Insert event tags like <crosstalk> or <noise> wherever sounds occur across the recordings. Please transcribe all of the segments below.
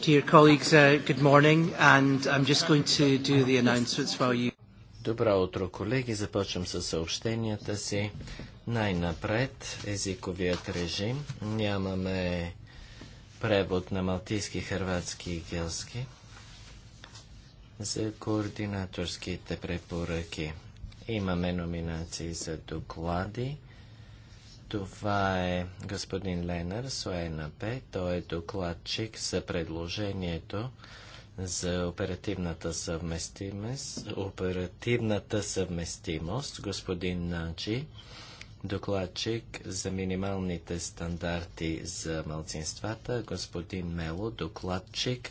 Dear colleagues, uh, good morning, and I'm just going to do the announcements while you... Добро утро, колеги. Започвам със съобщенията си. Най-напред езиковият режим. Нямаме превод на малтийски, хрватски и гелски за координаторските препоръки. Имаме номинации за доклади. Това е господин Ленар СОЕНП. Той е докладчик за предложението за оперативната съвместимост. Оперативната съвместимост, господин Наджи, докладчик за минималните стандарти за малцинствата, господин Мело, докладчик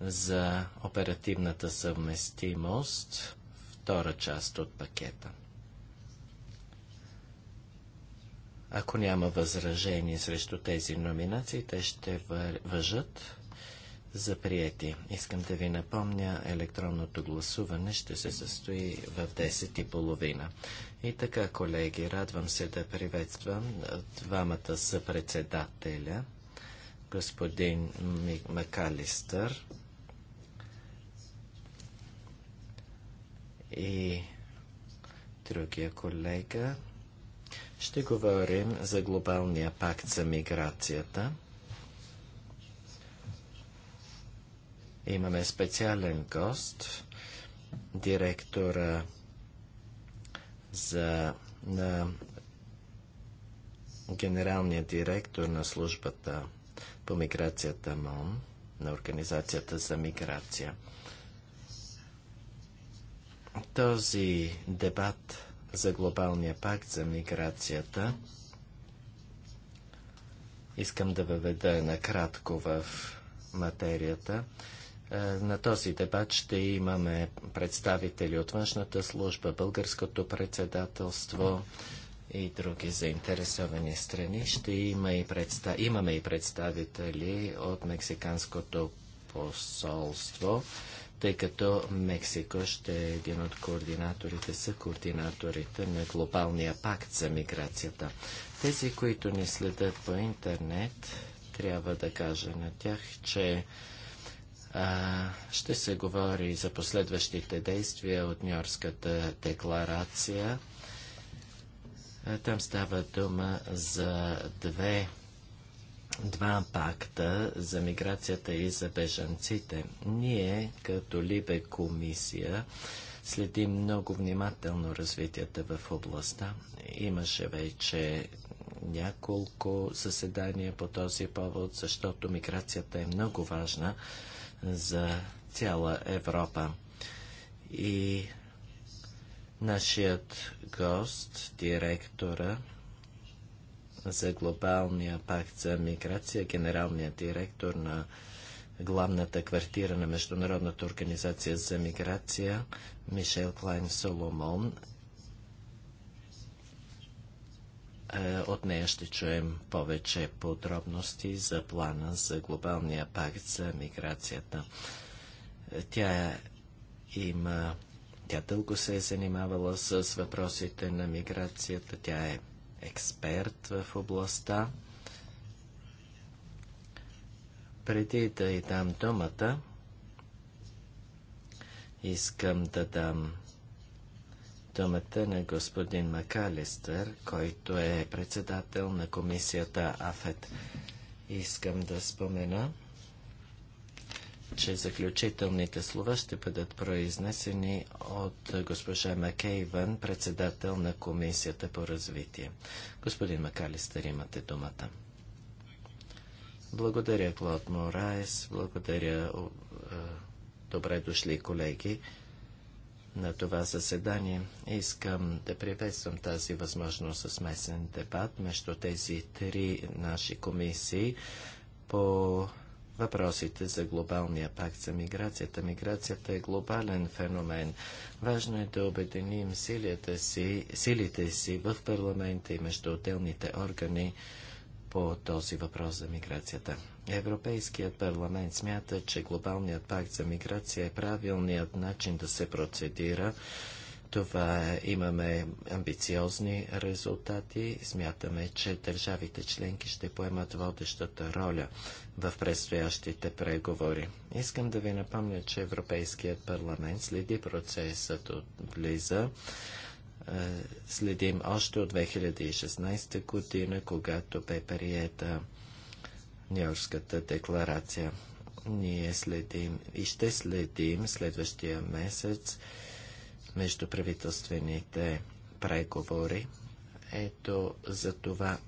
за оперативната съвместимост, втора част от пакета. Ако няма възражение срещу тези номинации, те ще въжат за приети. Искам да ви напомня, електронното гласуване ще се състои в 10 И, половина. и така, колеги, радвам се да приветствам двамата съпредседателя, господин Макалистър и другия колега, ще говорим за глобалния пакт за миграцията. Имаме специален гост, директора за, на генералния директор на службата по миграцията МОН, на Организацията за миграция. Този дебат за глобалния пакт за миграцията. Искам да въведа накратко в материята. Е, на този дебат ще имаме представители от външната служба, българското председателство и други заинтересовани страни. Ще има и представ... имаме и представители от Мексиканското посолство тъй като Мексико ще е един от координаторите, са координаторите на глобалния пакт за миграцията. Тези, които ни следят по интернет, трябва да кажа на тях, че а, ще се говори за последващите действия от Нью-Йоркската декларация. А, там става дума за две два пакта за миграцията и за бежанците. Ние, като Либе комисия, следим много внимателно развитията в областта. Имаше вече няколко заседания по този повод, защото миграцията е много важна за цяла Европа. И нашият гост, директора за глобалния пакт за миграция, генералният директор на главната квартира на Международната организация за миграция Мишел Клайн Соломон. Е, от нея ще чуем повече подробности за плана за глобалния пакт за миграцията. Е, тя има тя дълго се е занимавала с въпросите на миграцията. Тя е експерт в областта. Преди да й дам думата, искам да дам думата на господин Макалистър, който е председател на комисията АФЕТ. Искам да спомена, че заключителните слова ще бъдат произнесени от госпожа Макейвън, председател на Комисията по развитие. Господин Макалистър, имате думата. Благодаря, Клод Мораес. Благодаря, е, добре дошли колеги на това заседание. Искам да приветствам тази възможност за смесен дебат между тези три наши комисии по въпросите за глобалния пакт за миграцията. Миграцията е глобален феномен. Важно е да обединим силите си, силите си в парламента и между отделните органи по този въпрос за миграцията. Европейският парламент смята, че глобалният пакт за миграция е правилният начин да се процедира това имаме амбициозни резултати. Смятаме, че държавите членки ще поемат водещата роля в предстоящите преговори. Искам да ви напомня, че Европейският парламент следи процесът от близа. Е, следим още от 2016 година, когато бе приета Нью-Йоркската декларация. Ние следим и ще следим следващия месец междуправителствените преговори. Ето за това,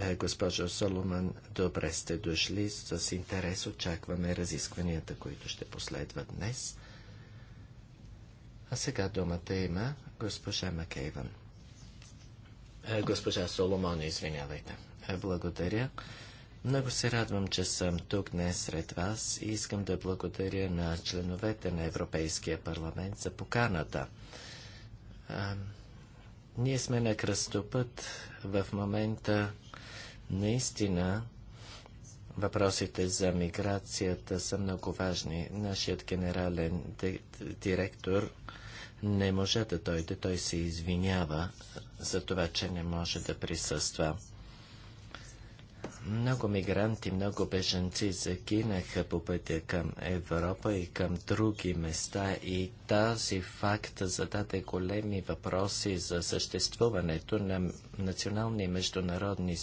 е, госпожо Соломан, добре сте дошли. С интерес очакваме разискванията, които ще последват днес. А сега думата има госпожа Макейван. Е, госпожа Соломон, извинявайте. Е, благодаря. Много се радвам, че съм тук днес сред вас и искам да благодаря на членовете на Европейския парламент за поканата. А, ние сме на кръстопът в момента наистина Въпросите за миграцията са много важни. Нашият генерален директор не може да дойде. Той се извинява за това, че не може да присъства. Много мигранти, много беженци загинаха по пътя към Европа и към други места и тази факт зададе големи въпроси за съществуването на национални и международни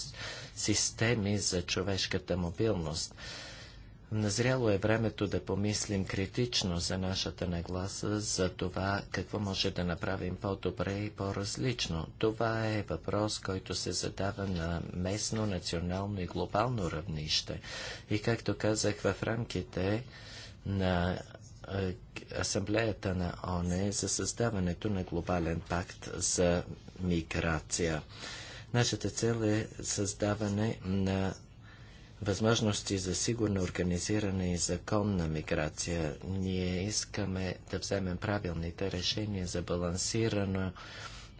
системи за човешката мобилност. Назряло е времето да помислим критично за нашата нагласа, за това какво може да направим по-добре и по-различно. Това е въпрос, който се задава на местно, национално и глобално равнище. И както казах, в рамките на Асамблеята на ОНЕ за създаването на глобален пакт за миграция. Нашата цел е създаване на възможности за сигурно организиране и законна миграция. Ние искаме да вземем правилните решения за балансирана,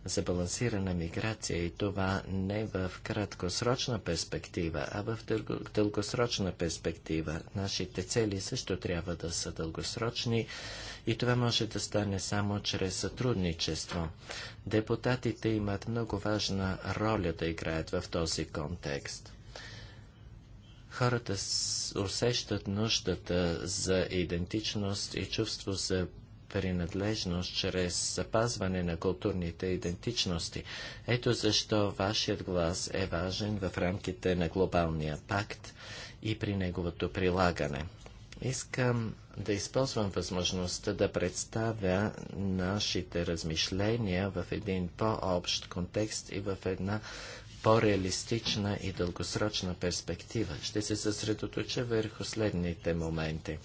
за балансирана миграция и това не в краткосрочна перспектива, а в дългосрочна перспектива. Нашите цели също трябва да са дългосрочни и това може да стане само чрез сътрудничество. Депутатите имат много важна роля да играят в този контекст. Хората усещат нуждата за идентичност и чувство за принадлежност чрез запазване на културните идентичности. Ето защо вашият глас е важен в рамките на глобалния пакт и при неговото прилагане. Искам да използвам възможността да представя нашите размишления в един по-общ контекст и в една по-реалистична и дългосрочна перспектива. Ще се съсредоточа върху следните моменти.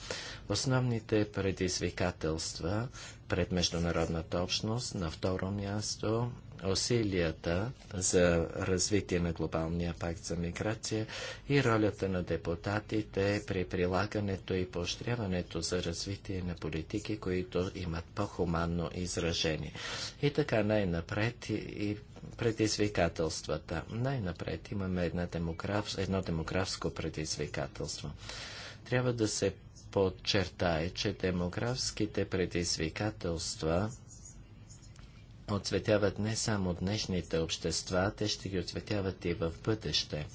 Основните предизвикателства пред международната общност, на второ място усилията за развитие на глобалния пакт за миграция и ролята на депутатите при прилагането и поощряването за развитие на политики, които имат по-хуманно изражение. И така най-напред и, и предизвикателствата. Най-напред имаме една демограф... едно демографско предизвикателство. Трябва да се подчертае, че демографските предизвикателства отцветяват не само днешните общества, те ще ги отцветяват и в бъдеще.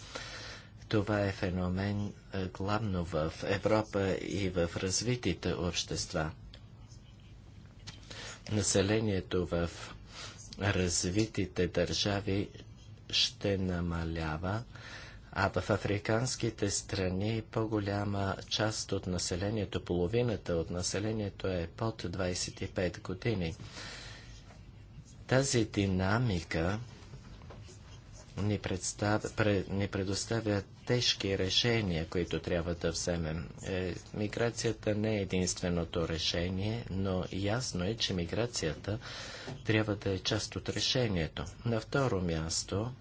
Това е феномен е, главно в Европа и в развитите общества. Населението в развитите държави ще намалява, а в африканските страни по-голяма част от населението, половината от населението е под 25 години. Тази динамика ни, представ... ни предоставя тежки решения, които трябва да вземем. Е, миграцията не е единственото решение, но ясно е, че миграцията трябва да е част от решението. На второ място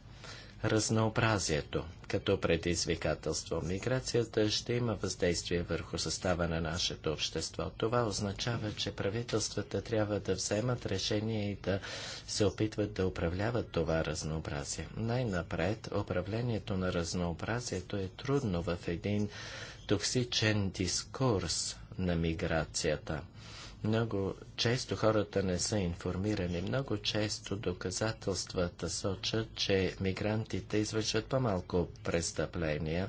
разнообразието като предизвикателство. Миграцията ще има въздействие върху състава на нашето общество. Това означава, че правителствата трябва да вземат решение и да се опитват да управляват това разнообразие. Най-напред, управлението на разнообразието е трудно в един токсичен дискурс на миграцията – много често хората не са информирани. Много често доказателствата сочат, че мигрантите извършват по-малко престъпления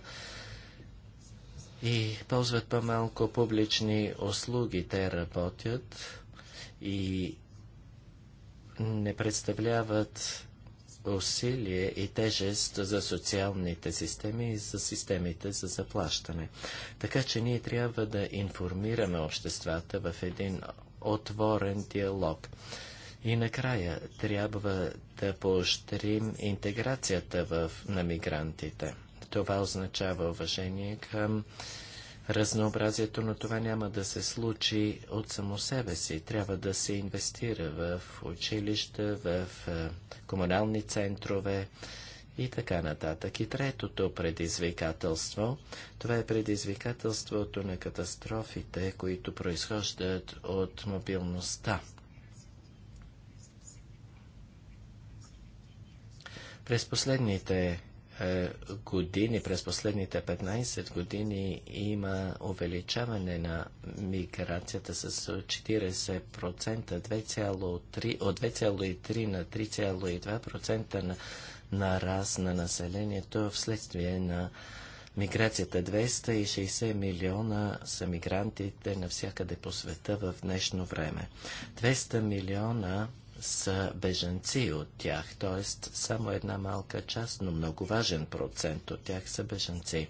и ползват по-малко публични услуги. Те работят и не представляват усилие и тежест за социалните системи и за системите за заплащане. Така че ние трябва да информираме обществата в един отворен диалог. И накрая трябва да поощрим интеграцията в, на мигрантите. Това означава уважение към разнообразието, на това няма да се случи от само себе си. Трябва да се инвестира в училища, в е, комунални центрове и така нататък. И третото предизвикателство, това е предизвикателството на катастрофите, които произхождат от мобилността. През последните е, години, през последните 15 години има увеличаване на миграцията с 40%, 2,3, от 2,3 на 3,2% на, на раз на населението вследствие на миграцията. 260 милиона са мигрантите навсякъде по света в днешно време. 200 милиона са беженци от тях, т.е. само една малка част, но много важен процент от тях са беженци.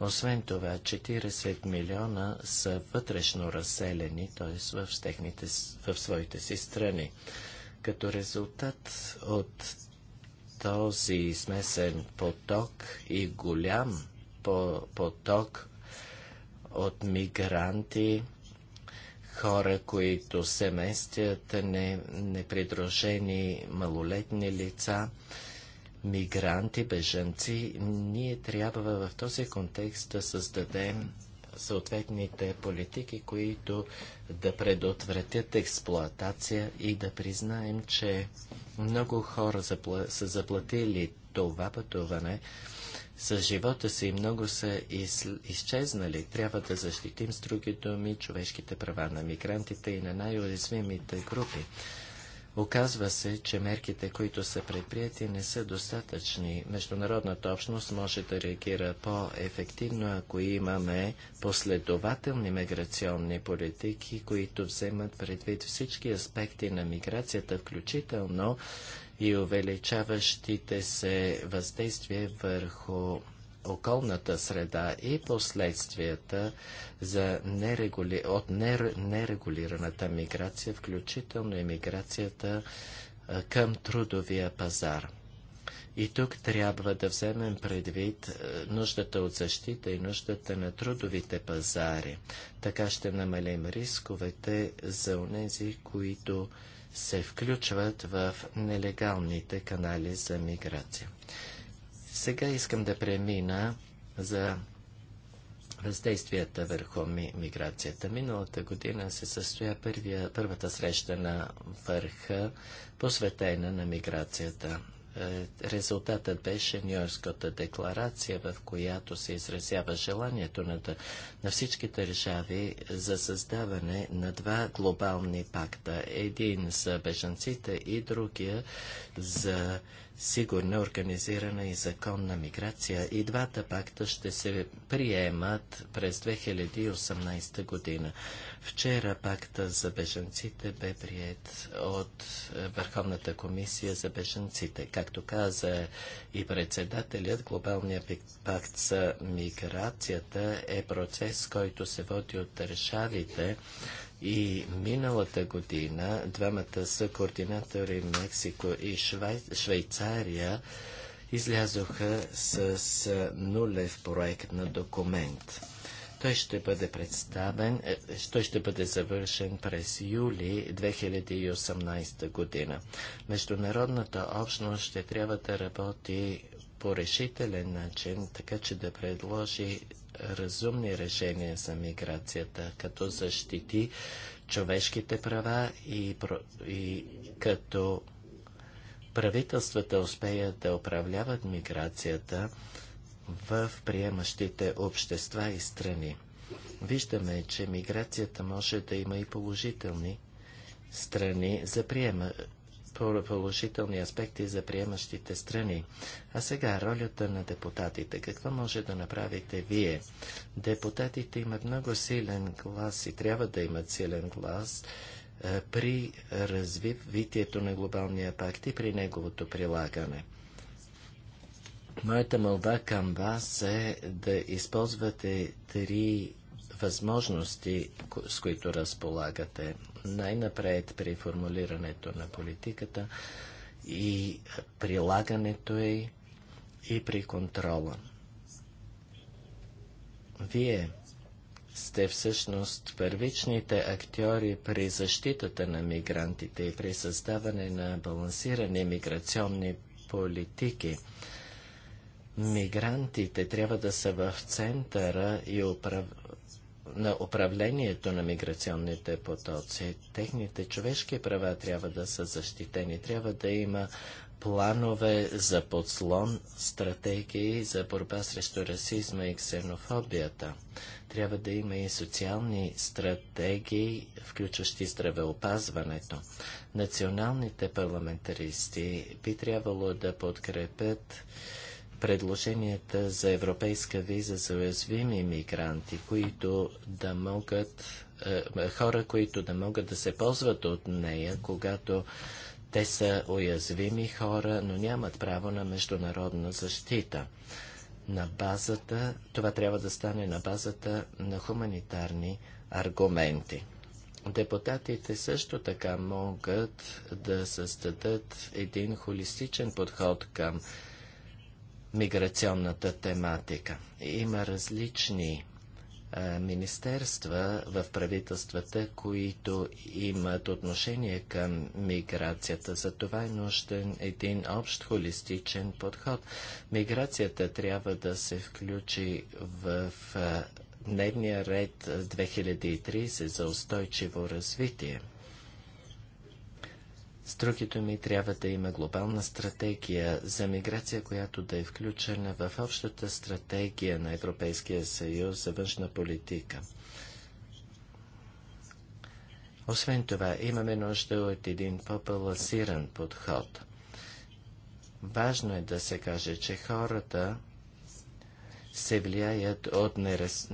Освен това, 40 милиона са вътрешно разселени, т.е. В, техните, в своите си страни. Като резултат от този смесен поток и голям поток от мигранти, хора, които се местят, непридружени малолетни лица, мигранти, бежанци, ние трябва в този контекст да създадем съответните политики, които да предотвратят експлоатация и да признаем, че много хора са заплатили това пътуване с живота си много са из... изчезнали. Трябва да защитим с други думи човешките права на мигрантите и на най-уязвимите групи. Оказва се, че мерките, които са предприяти, не са достатъчни. Международната общност може да реагира по-ефективно, ако имаме последователни миграционни политики, които вземат предвид всички аспекти на миграцията, включително и увеличаващите се въздействия върху околната среда и последствията за нерегули... от нер... нерегулираната миграция, включително и миграцията към трудовия пазар. И тук трябва да вземем предвид нуждата от защита и нуждата на трудовите пазари. Така ще намалим рисковете за онези, които се включват в нелегалните канали за миграция. Сега искам да премина за въздействията върху ми, миграцията. Миналата година се състоя първия, първата среща на върха, посветена на миграцията. Е, Резултатът беше Нью-Йоркската декларация, в която се изразява желанието на, на всички държави за създаване на два глобални пакта. Един за бежанците и другия за сигурна, организирана и законна миграция и двата пакта ще се приемат през 2018 година. Вчера пакта за беженците бе прият от е, Върховната комисия за беженците. Както каза и председателят, глобалният пакт за миграцията е процес, който се води от държавите и миналата година двамата са координатори Мексико и Швай... Швейцария излязоха с, с нулев проект на документ. Той ще бъде представен, е, той ще бъде завършен през юли 2018 година. Международната общност ще трябва да работи по решителен начин, така че да предложи разумни решения за миграцията, като защити човешките права и, и като правителствата успеят да управляват миграцията в приемащите общества и страни. Виждаме, че миграцията може да има и положителни страни за приема, положителни аспекти за приемащите страни. А сега ролята на депутатите. Какво може да направите вие? Депутатите имат много силен глас и трябва да имат силен глас е, при развитието на глобалния пакт и при неговото прилагане. Моята мълба към вас е да използвате три възможности, с които разполагате. Най-напред при формулирането на политиката и прилагането й и при контрола. Вие сте всъщност първичните актьори при защитата на мигрантите и при създаване на балансирани миграционни политики. Мигрантите трябва да са в центъра и на управлението на миграционните потоци. Техните човешки права трябва да са защитени. Трябва да има планове за подслон, стратегии за борба срещу расизма и ксенофобията. Трябва да има и социални стратегии, включващи здравеопазването. Националните парламентаристи би трябвало да подкрепят предложенията за европейска виза за уязвими мигранти, които да могат, е, е, хора, които да могат да се ползват от нея, когато те са уязвими хора, но нямат право на международна защита. На базата, това трябва да стане на базата на хуманитарни аргументи. Депутатите също така могат да създадат един холистичен подход към миграционната тематика. Има различни а, министерства в правителствата, които имат отношение към миграцията. За това е нужден един общ холистичен подход. Миграцията трябва да се включи в а, дневния ред 2030 за устойчиво развитие. С други думи, трябва да има глобална стратегия за миграция, която да е включена в общата стратегия на Европейския съюз за външна политика. Освен това, имаме нужда от един по-балансиран подход. Важно е да се каже, че хората се влияят от нераз...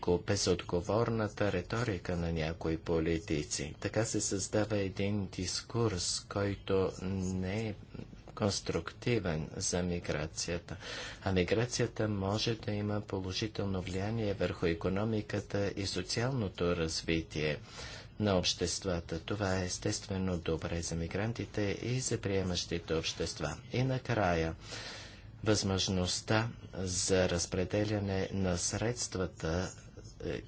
го... безотговорната риторика на някои политици. Така се създава един дискурс, който не е конструктивен за миграцията. А миграцията може да има положително влияние върху економиката и социалното развитие на обществата. Това е естествено добре за мигрантите и за приемащите общества. И накрая, възможността за разпределяне на средствата, е,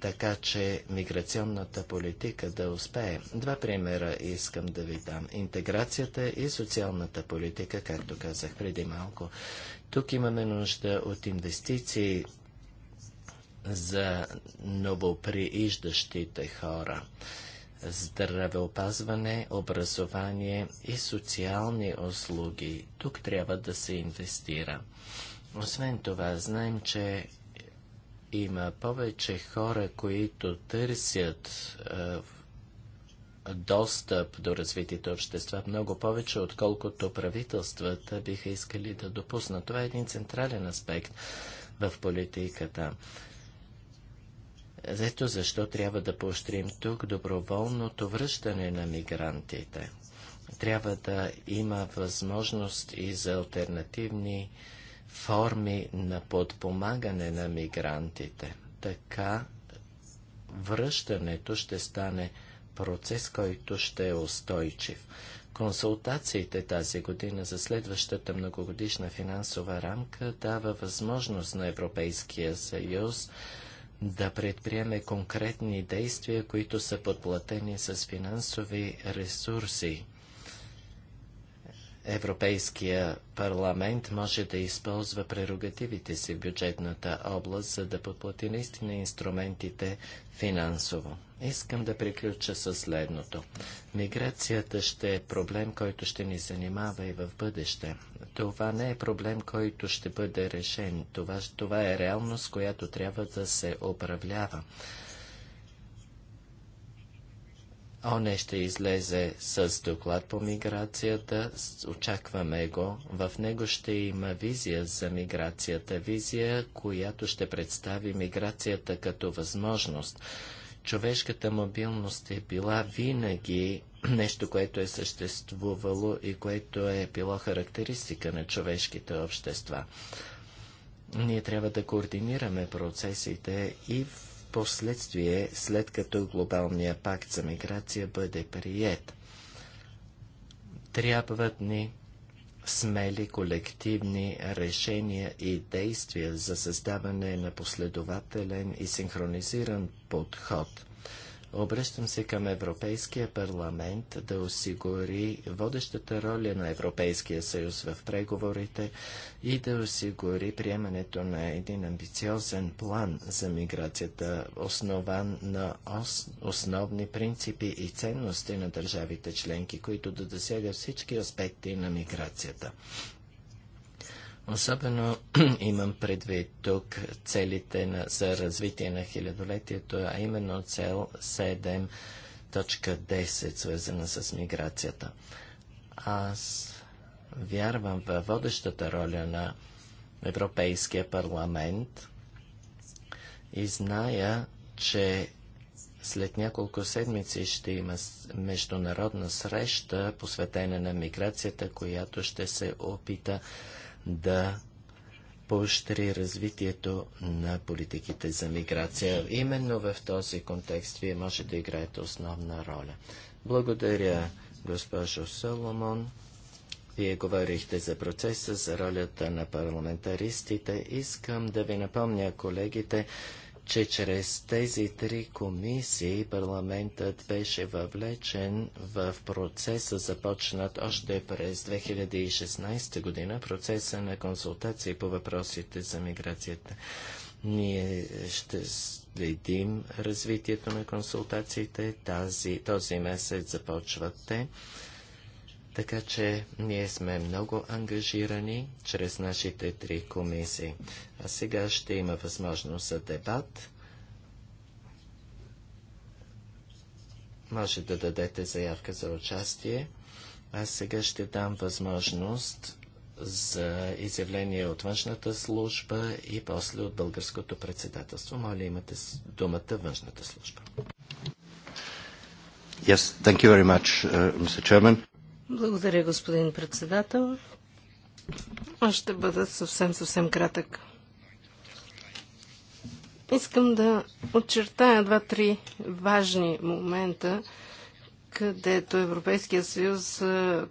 така че миграционната политика да успее. Два примера искам да ви дам. Интеграцията и социалната политика, както казах преди малко. Тук имаме нужда от инвестиции за новоприиждащите хора здравеопазване, образование и социални услуги. Тук трябва да се инвестира. Освен това, знаем, че има повече хора, които търсят достъп до развитите общества, много повече, отколкото правителствата биха искали да допуснат. Това е един централен аспект в политиката. Ето защо трябва да поощрим тук доброволното връщане на мигрантите. Трябва да има възможност и за альтернативни форми на подпомагане на мигрантите. Така връщането ще стане процес, който ще е устойчив. Консултациите тази година за следващата многогодишна финансова рамка дава възможност на Европейския съюз да предприеме конкретни действия, които са подплатени с финансови ресурси. Европейския парламент може да използва прерогативите си в бюджетната област, за да подплати наистина инструментите финансово. Искам да приключа със следното. Миграцията ще е проблем, който ще ни занимава и в бъдеще. Това не е проблем, който ще бъде решен. Това, това е реалност, която трябва да се управлява. ОНЕ ще излезе с доклад по миграцията, очакваме го. В него ще има визия за миграцията, визия, която ще представи миграцията като възможност. Човешката мобилност е била винаги <clears throat> нещо, което е съществувало и което е било характеристика на човешките общества. Ние трябва да координираме процесите и в последствие, след като глобалния пакт за миграция бъде прият. Трябват ни смели колективни решения и действия за създаване на последователен и синхронизиран подход – Обръщам се към Европейския парламент да осигури водещата роля на Европейския съюз в преговорите и да осигури приемането на един амбициозен план за миграцията, основан на ос, основни принципи и ценности на държавите членки, които да засяга всички аспекти на миграцията. Особено <clears throat> имам предвид тук целите на, за развитие на хилядолетието, а именно цел 7.10, свързана с миграцията. Аз вярвам във водещата роля на Европейския парламент и зная, че след няколко седмици ще има международна среща, посветена на миграцията, която ще се опита да поощри развитието на политиките за миграция. Именно в този контекст вие може да играете основна роля. Благодаря, госпожо Соломон. Вие говорихте за процеса, за ролята на парламентаристите. Искам да ви напомня, колегите, че чрез тези три комисии парламентът беше въвлечен в процеса, започнат още през 2016 година, процеса на консултации по въпросите за миграцията. Ние ще следим развитието на консултациите. Тази, този месец започват те. Така че ние сме много ангажирани чрез нашите три комисии. А сега ще има възможност за дебат. Може да дадете заявка за участие. а сега ще дам възможност за изявление от външната служба и после от българското председателство. Моля, имате думата външната служба. Yes, thank you very much, uh, Mr. Chairman. Благодаря, господин председател. Аз ще бъда съвсем, съвсем кратък. Искам да очертая два-три важни момента, където Европейския съюз,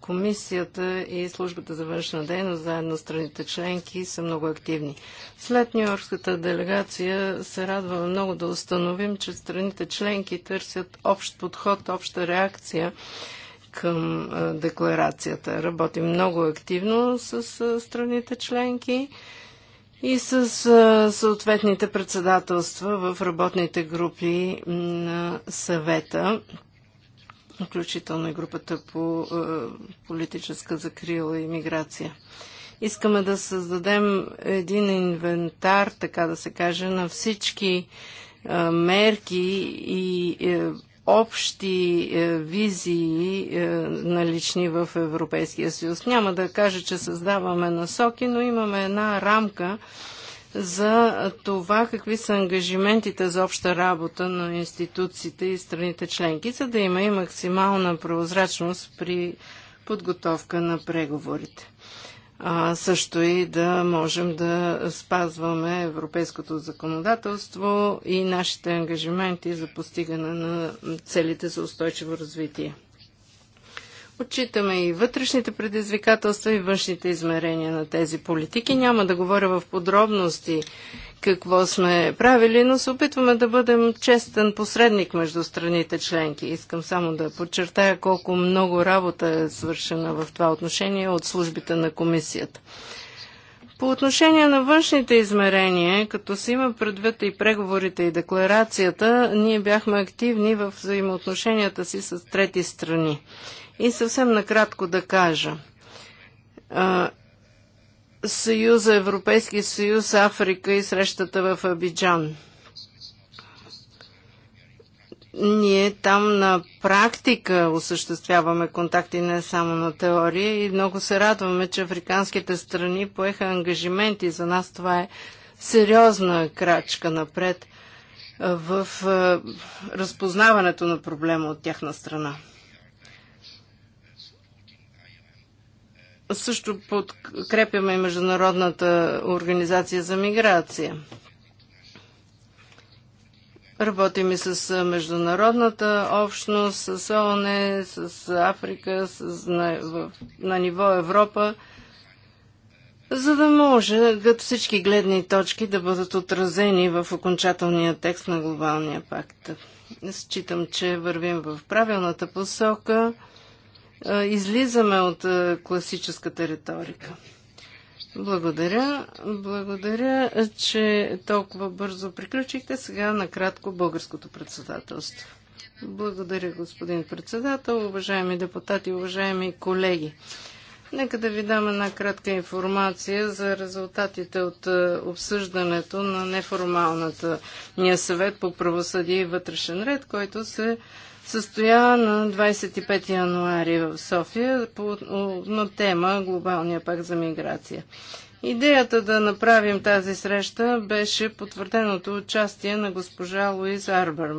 комисията и службата за външна дейност, заедно с страните членки, са много активни. След Нью-Йоркската делегация се радва много да установим, че страните членки търсят общ подход, обща реакция към декларацията. Работим много активно с страните членки и с съответните председателства в работните групи на съвета, включително и групата по политическа закрила и миграция. Искаме да създадем един инвентар, така да се каже, на всички мерки и е, общи е, визии е, налични в Европейския съюз. Няма да кажа, че създаваме насоки, но имаме една рамка за това какви са ангажиментите за обща работа на институциите и страните членки, за да има и максимална прозрачност при подготовка на преговорите а, също и да можем да спазваме европейското законодателство и нашите ангажименти за постигане на целите за устойчиво развитие. Отчитаме и вътрешните предизвикателства и външните измерения на тези политики. Няма да говоря в подробности какво сме правили, но се опитваме да бъдем честен посредник между страните членки. Искам само да подчертая колко много работа е свършена в това отношение от службите на комисията. По отношение на външните измерения, като се има предвид и преговорите и декларацията, ние бяхме активни в взаимоотношенията си с трети страни. И съвсем накратко да кажа. Съюза, Европейски съюз, Африка и срещата в Абиджан. Ние там на практика осъществяваме контакти не само на теория и много се радваме, че африканските страни поеха ангажименти. За нас това е сериозна крачка напред в разпознаването на проблема от тяхна страна. Също подкрепяме Международната организация за миграция. Работим и с международната общност, с ООН, с Африка, с, на, в, на ниво Европа, за да може като всички гледни точки да бъдат отразени в окончателния текст на глобалния пакт. Считам, че вървим в правилната посока излизаме от класическата риторика. Благодаря. Благодаря, че толкова бързо приключихте. Сега накратко българското председателство. Благодаря, господин председател, уважаеми депутати, уважаеми колеги. Нека да ви дам една кратка информация за резултатите от обсъждането на неформалната ния съвет по правосъдие и вътрешен ред, който се състоя на 25 януари в София по, на тема Глобалния пак за миграция. Идеята да направим тази среща беше потвърденото участие на госпожа Луиз Арбър,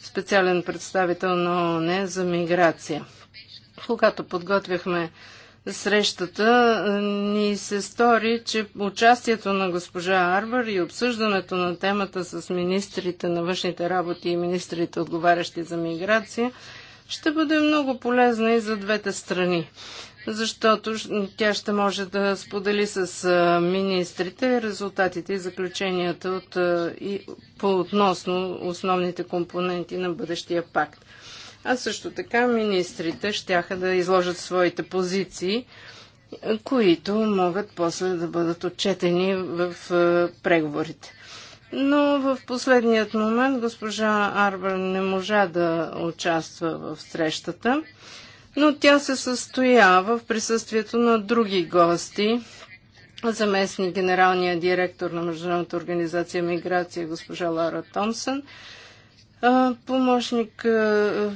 специален представител на ООН за миграция. Когато подготвяхме срещата е, ни се стори, че участието на госпожа Арбър и обсъждането на темата с министрите на външните работи и министрите отговарящи за миграция ще бъде много полезна и за двете страни защото тя ще може да сподели с е, министрите резултатите и заключенията от, е, и, по относно основните компоненти на бъдещия пакт а също така министрите щяха да изложат своите позиции, които могат после да бъдат отчетени в е, преговорите. Но в последният момент госпожа Арбър не можа да участва в срещата, но тя се състоява в присъствието на други гости, заместник генералния директор на Международната организация Миграция госпожа Лара Томсън, помощник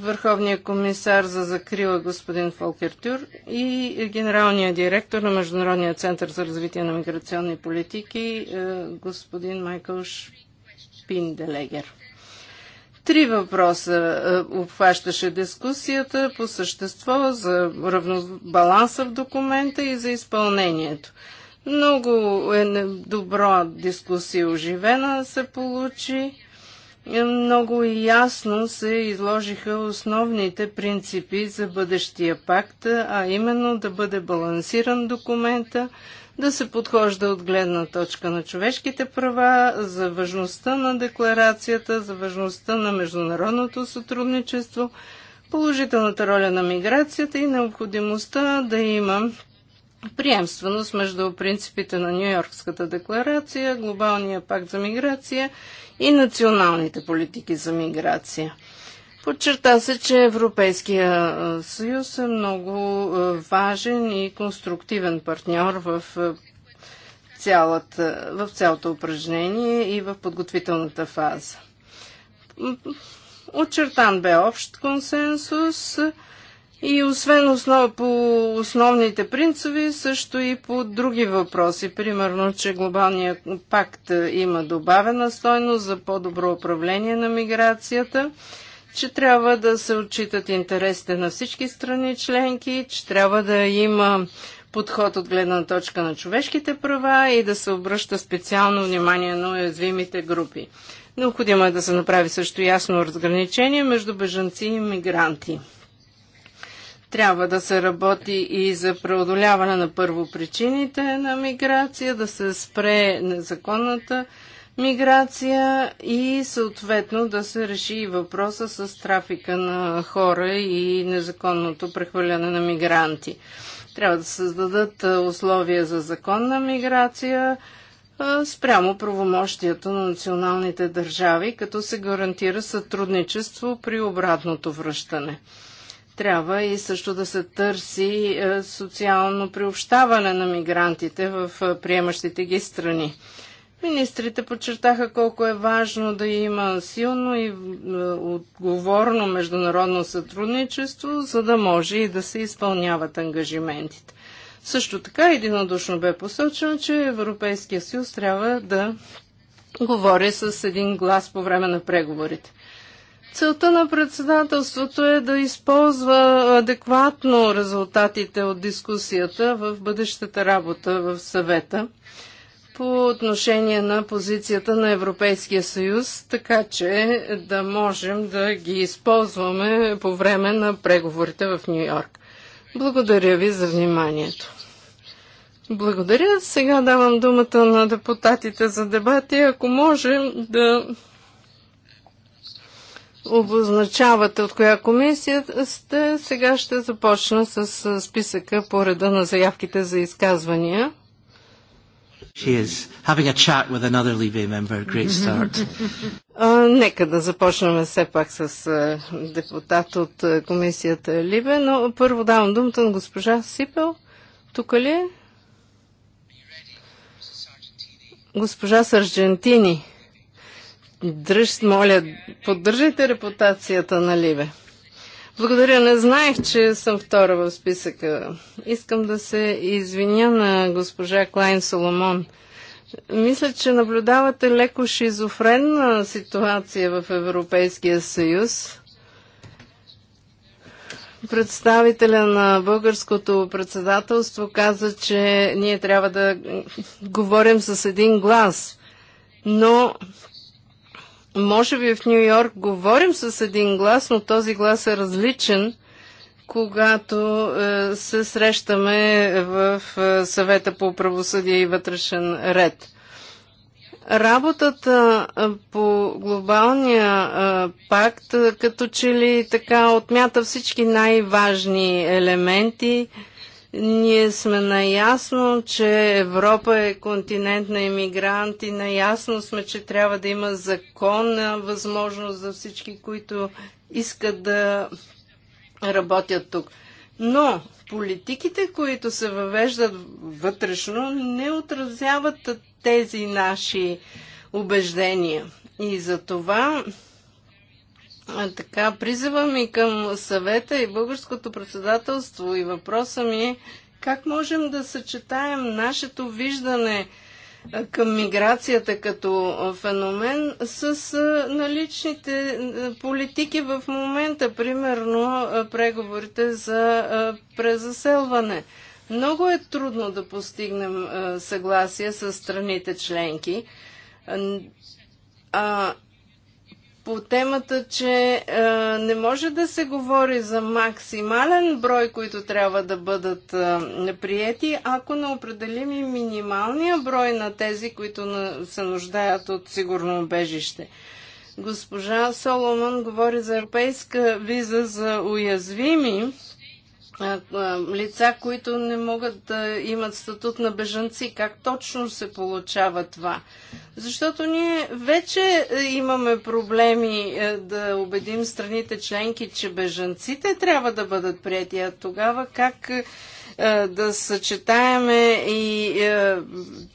Върховния комисар за закрила господин Фолкер Тюр и генералния директор на Международния център за развитие на миграционни политики господин Майкъл Шпинделегер. Три въпроса обхващаше дискусията по същество за равнобаланса в документа и за изпълнението. Много е добра дискусия оживена се получи много ясно се изложиха основните принципи за бъдещия пакт, а именно да бъде балансиран документа, да се подхожда от гледна точка на човешките права, за важността на декларацията, за важността на международното сътрудничество, положителната роля на миграцията и необходимостта да има приемственост между принципите на Нью-Йоркската декларация, Глобалния пакт за миграция и националните политики за миграция. Подчерта се, че Европейския съюз е много важен и конструктивен партньор в, цялата, в цялото упражнение и в подготвителната фаза. Очертан бе общ консенсус – и освен основ, по основните принципи, също и по други въпроси. Примерно, че глобалният пакт е, има добавена стойност за по-добро управление на миграцията, че трябва да се отчитат интересите на всички страни членки, че трябва да има подход от гледна точка на човешките права и да се обръща специално внимание на уязвимите групи. Необходимо е да се направи също ясно разграничение между бежанци и мигранти. Трябва да се работи и за преодоляване на първопричините на миграция, да се спре незаконната миграция и съответно да се реши и въпроса с трафика на хора и незаконното прехвърляне на мигранти. Трябва да се създадат условия за законна миграция спрямо правомощията на националните държави, като се гарантира сътрудничество при обратното връщане. Трябва и също да се търси е, социално приобщаване на мигрантите в е, приемащите ги страни. Министрите подчертаха колко е важно да има силно и е, отговорно международно сътрудничество, за да може и да се изпълняват ангажиментите. Също така единодушно бе посочено, че Европейския съюз трябва да говори с един глас по време на преговорите. Целта на председателството е да използва адекватно резултатите от дискусията в бъдещата работа в съвета по отношение на позицията на Европейския съюз, така че да можем да ги използваме по време на преговорите в Нью Йорк. Благодаря ви за вниманието. Благодаря. Сега давам думата на депутатите за дебати. Ако може да обозначавате от коя комисия сте. Сега ще започна с списъка по реда на заявките за изказвания. She is having a chat with another member. Great start. нека да започнем все пак с а, депутат от комисията Либе, но първо давам думата на госпожа Сипел. Тук ли е? Госпожа Сарджентини. Дръж, моля, поддържайте репутацията на Ливе. Благодаря, не знаех, че съм втора в списъка. Искам да се извиня на госпожа Клайн Соломон. Мисля, че наблюдавате леко шизофренна ситуация в Европейския съюз. Представителя на българското председателство каза, че ние трябва да говорим с един глас. Но може би в Нью Йорк говорим с един глас, но този глас е различен, когато е, се срещаме в е, съвета по правосъдие и вътрешен ред. Работата е, по глобалния е, пакт е, като че ли така отмята всички най-важни елементи – ние сме наясно, че Европа е континент на иммигранти, наясно сме, че трябва да има законна възможност за всички, които искат да работят тук. Но политиките, които се въвеждат вътрешно, не отразяват тези наши убеждения. И за това така, призива ми към съвета и българското председателство и въпроса ми е как можем да съчетаем нашето виждане към миграцията като феномен с наличните политики в момента, примерно преговорите за презаселване. Много е трудно да постигнем съгласие с страните членки. А по темата, че е, не може да се говори за максимален брой, които трябва да бъдат е, приети, ако не определим и минималния брой на тези, които на, се нуждаят от сигурно убежище. Госпожа Соломон говори за европейска виза за уязвими лица, които не могат да имат статут на бежанци. Как точно се получава това? Защото ние вече е, имаме проблеми е, да убедим страните членки, че бежанците трябва да бъдат прияти, а тогава как е, е, да съчетаеме и е,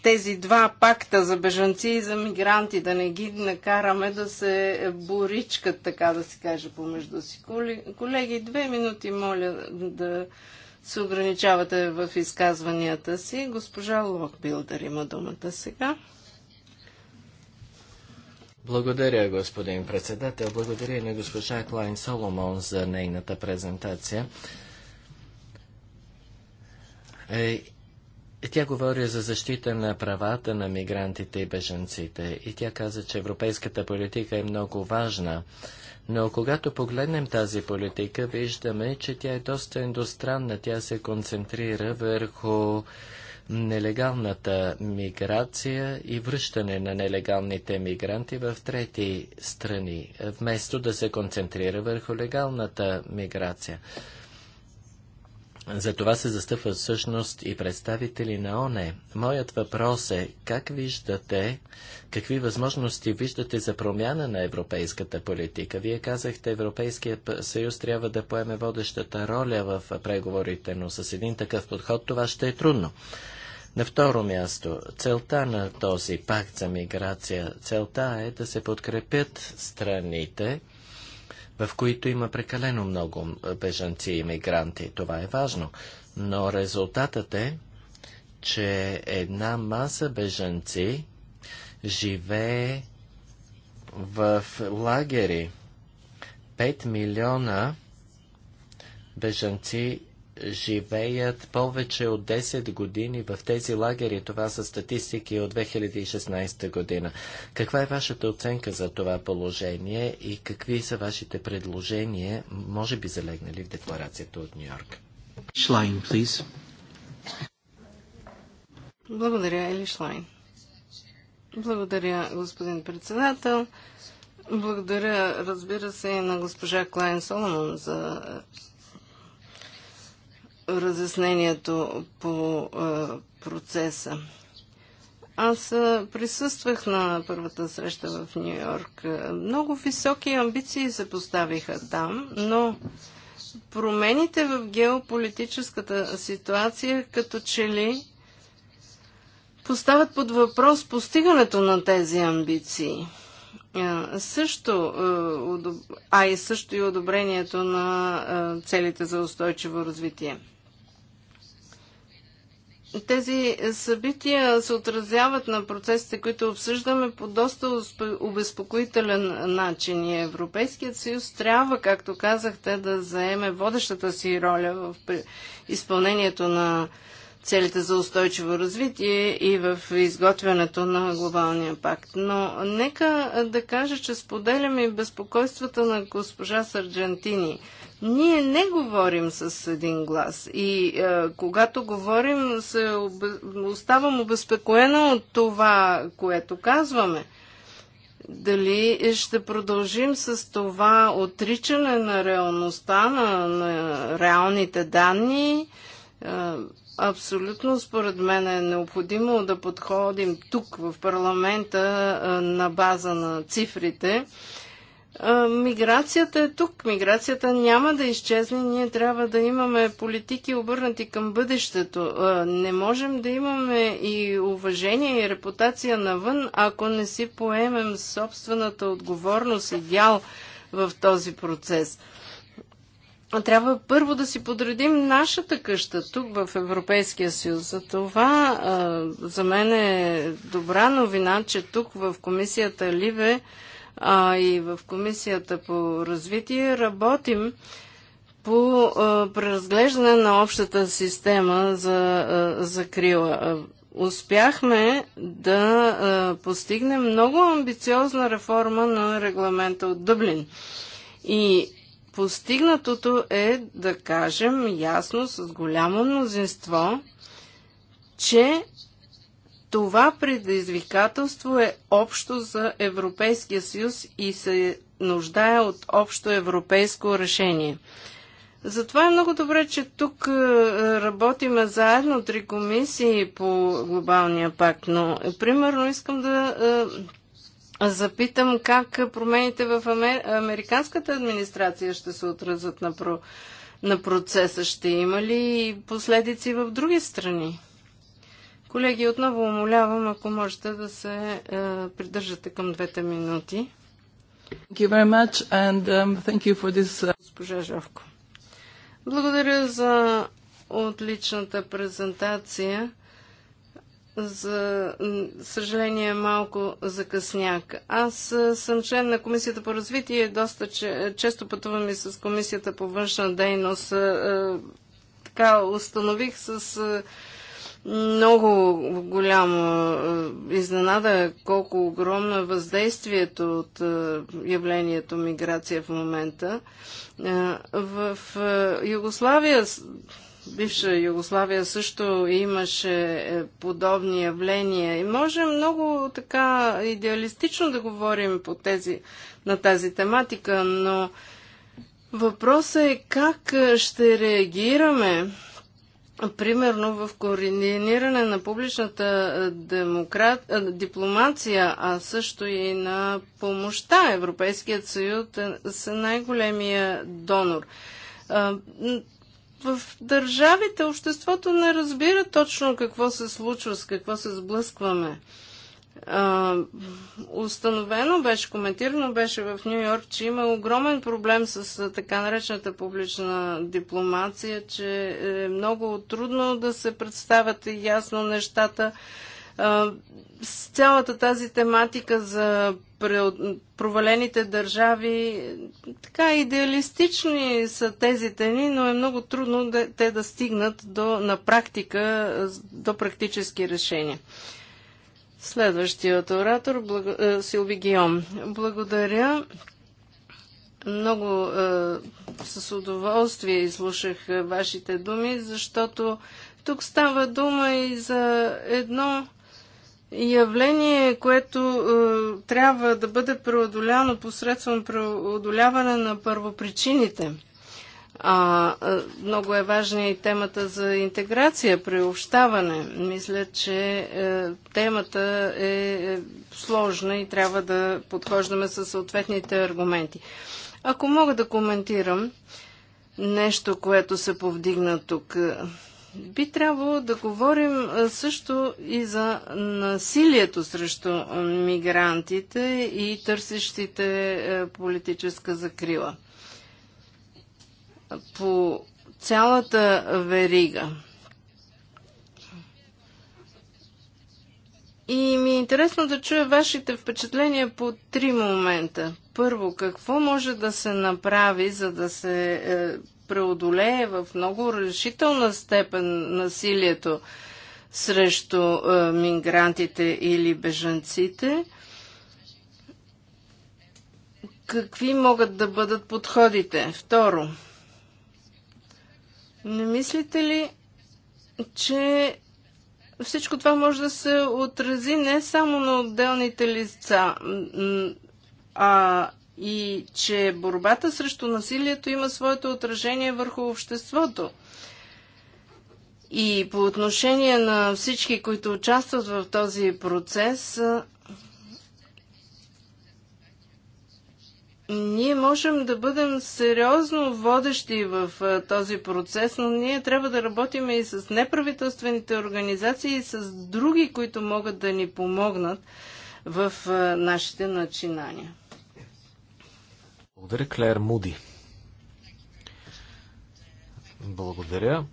тези два пакта за бежанци и за мигранти, да не ги накараме да се боричкат, така да се каже, помежду си. Колеги, две минути моля да се ограничавате в изказванията си. Госпожа Локбилдър има думата сега. Благодаря, господин председател. Благодаря и на госпожа Клайн Соломон за нейната презентация. Е, тя говори за защита на правата на мигрантите и беженците и тя каза, че европейската политика е много важна. Но когато погледнем тази политика, виждаме, че тя е доста индустранна. Тя се концентрира върху нелегалната миграция и връщане на нелегалните мигранти в трети страни, вместо да се концентрира върху легалната миграция. За това се застъпват всъщност и представители на ОНЕ. Моят въпрос е, как виждате, какви възможности виждате за промяна на европейската политика? Вие казахте, Европейския съюз трябва да поеме водещата роля в преговорите, но с един такъв подход това ще е трудно. На второ място, целта на този пакт за миграция, целта е да се подкрепят страните, в които има прекалено много бежанци и мигранти. Това е важно. Но резултатът е, че една маса бежанци живее в лагери. 5 милиона бежанци живеят повече от 10 години в тези лагери. Това са статистики от 2016 година. Каква е вашата оценка за това положение и какви са вашите предложения, може би залегнали в декларацията от Нью-Йорк? Шлайн, please. Благодаря, Ели Шлайн. Благодаря, господин председател. Благодаря, разбира се, и на госпожа Клайн Соломон за разяснението по е, процеса. Аз е, присъствах на първата среща в Нью Йорк. Е, много високи амбиции се поставиха там, но промените в геополитическата ситуация като че ли поставят под въпрос постигането на тези амбиции. А, също, а и също и одобрението на целите за устойчиво развитие тези събития се отразяват на процесите, които обсъждаме по доста обезпокоителен начин. И Европейският съюз трябва, както казахте, да заеме водещата си роля в изпълнението на целите за устойчиво развитие и в изготвянето на глобалния пакт. Но нека да кажа, че споделям и безпокойствата на госпожа Сарджантини – ние не говорим с един глас и е, когато говорим, се об... оставам обезпекоена от това, което казваме. Дали ще продължим с това отричане на реалността, на, на реалните данни? Е, Абсолютно, според мен е необходимо да подходим тук в парламента е, на база на цифрите миграцията е тук. Миграцията няма да изчезне. Ние трябва да имаме политики обърнати към бъдещето. Не можем да имаме и уважение и репутация навън, ако не си поемем собствената отговорност и дял в този процес. Трябва първо да си подредим нашата къща тук в Европейския съюз. За това за мен е добра новина, че тук в комисията Ливе а и в Комисията по развитие работим по преразглеждане на общата система за закрила. Успяхме да постигнем много амбициозна реформа на регламента от Дъблин. И постигнатото е да кажем ясно с голямо мнозинство, че това предизвикателство е общо за Европейския съюз и се нуждае от общо европейско решение. Затова е много добре, че тук е, работиме заедно три комисии по глобалния пакт, но примерно искам да е, запитам как промените в Амер... американската администрация ще се отразят на, про... на процеса. Ще има ли последици в други страни? Колеги, отново умолявам, ако можете да се е, придържате към двете минути. This... Госпожа Жовко. Благодаря за отличната презентация. За съжаление малко закъсняк. Аз е, съм член на Комисията по развитие доста че, често пътувам и с Комисията по външна дейност. Е, е така установих с е, много голяма е, изненада колко огромно е въздействието от е, явлението миграция в момента. Е, в Югославия, бивша Югославия също имаше подобни явления и може много така идеалистично да говорим по тези, на тази тематика, но въпросът е как ще реагираме примерно в координиране на публичната демокра... дипломация, а също и на помощта. Европейският съюз е, са най-големия донор. В държавите обществото не разбира точно какво се случва, с какво се сблъскваме установено беше, коментирано беше в Нью Йорк, че има огромен проблем с така наречената публична дипломация, че е много трудно да се представят ясно нещата. с цялата тази тематика за провалените държави, така идеалистични са тезите ни, но е много трудно те да стигнат до, на практика, до практически решения. Следващият оратор благо... Е, Силви Гион, Благодаря. Много е, с удоволствие изслушах е, вашите думи, защото тук става дума и за едно явление, което е, трябва да бъде преодоляно посредством преодоляване на първопричините – а, много е важна и темата за интеграция, приобщаване. Мисля, че е, темата е, е сложна и трябва да подхождаме със съответните аргументи. Ако мога да коментирам нещо, което се повдигна тук, би трябвало да говорим е, също и за насилието срещу мигрантите и търсещите е, политическа закрила по цялата верига. И ми е интересно да чуя вашите впечатления по три момента. Първо, какво може да се направи, за да се е, преодолее в много решителна степен насилието срещу е, мигрантите или бежанците? Какви могат да бъдат подходите? Второ, не мислите ли, че всичко това може да се отрази не само на отделните лица, а и че борбата срещу насилието има своето отражение върху обществото. И по отношение на всички, които участват в този процес, Ние можем да бъдем сериозно водещи в този процес, но ние трябва да работим и с неправителствените организации и с други, които могат да ни помогнат в нашите начинания. Благодаря, Клер Муди. Благодаря.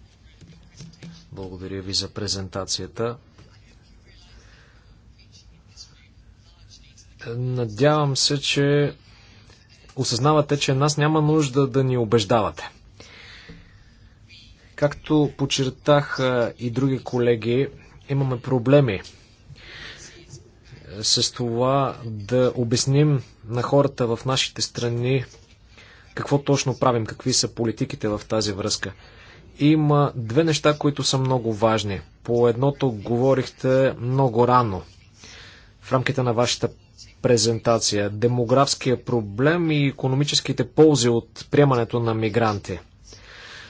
Благодаря ви за презентацията. Надявам се, че осъзнавате, че нас няма нужда да ни убеждавате. Както почертах и други колеги, имаме проблеми е, с това да обясним на хората в нашите страни какво точно правим, какви са политиките в тази връзка. Има две неща, които са много важни. По едното говорихте много рано в рамките на вашата презентация. Демографския проблем и економическите ползи от приемането на мигранти.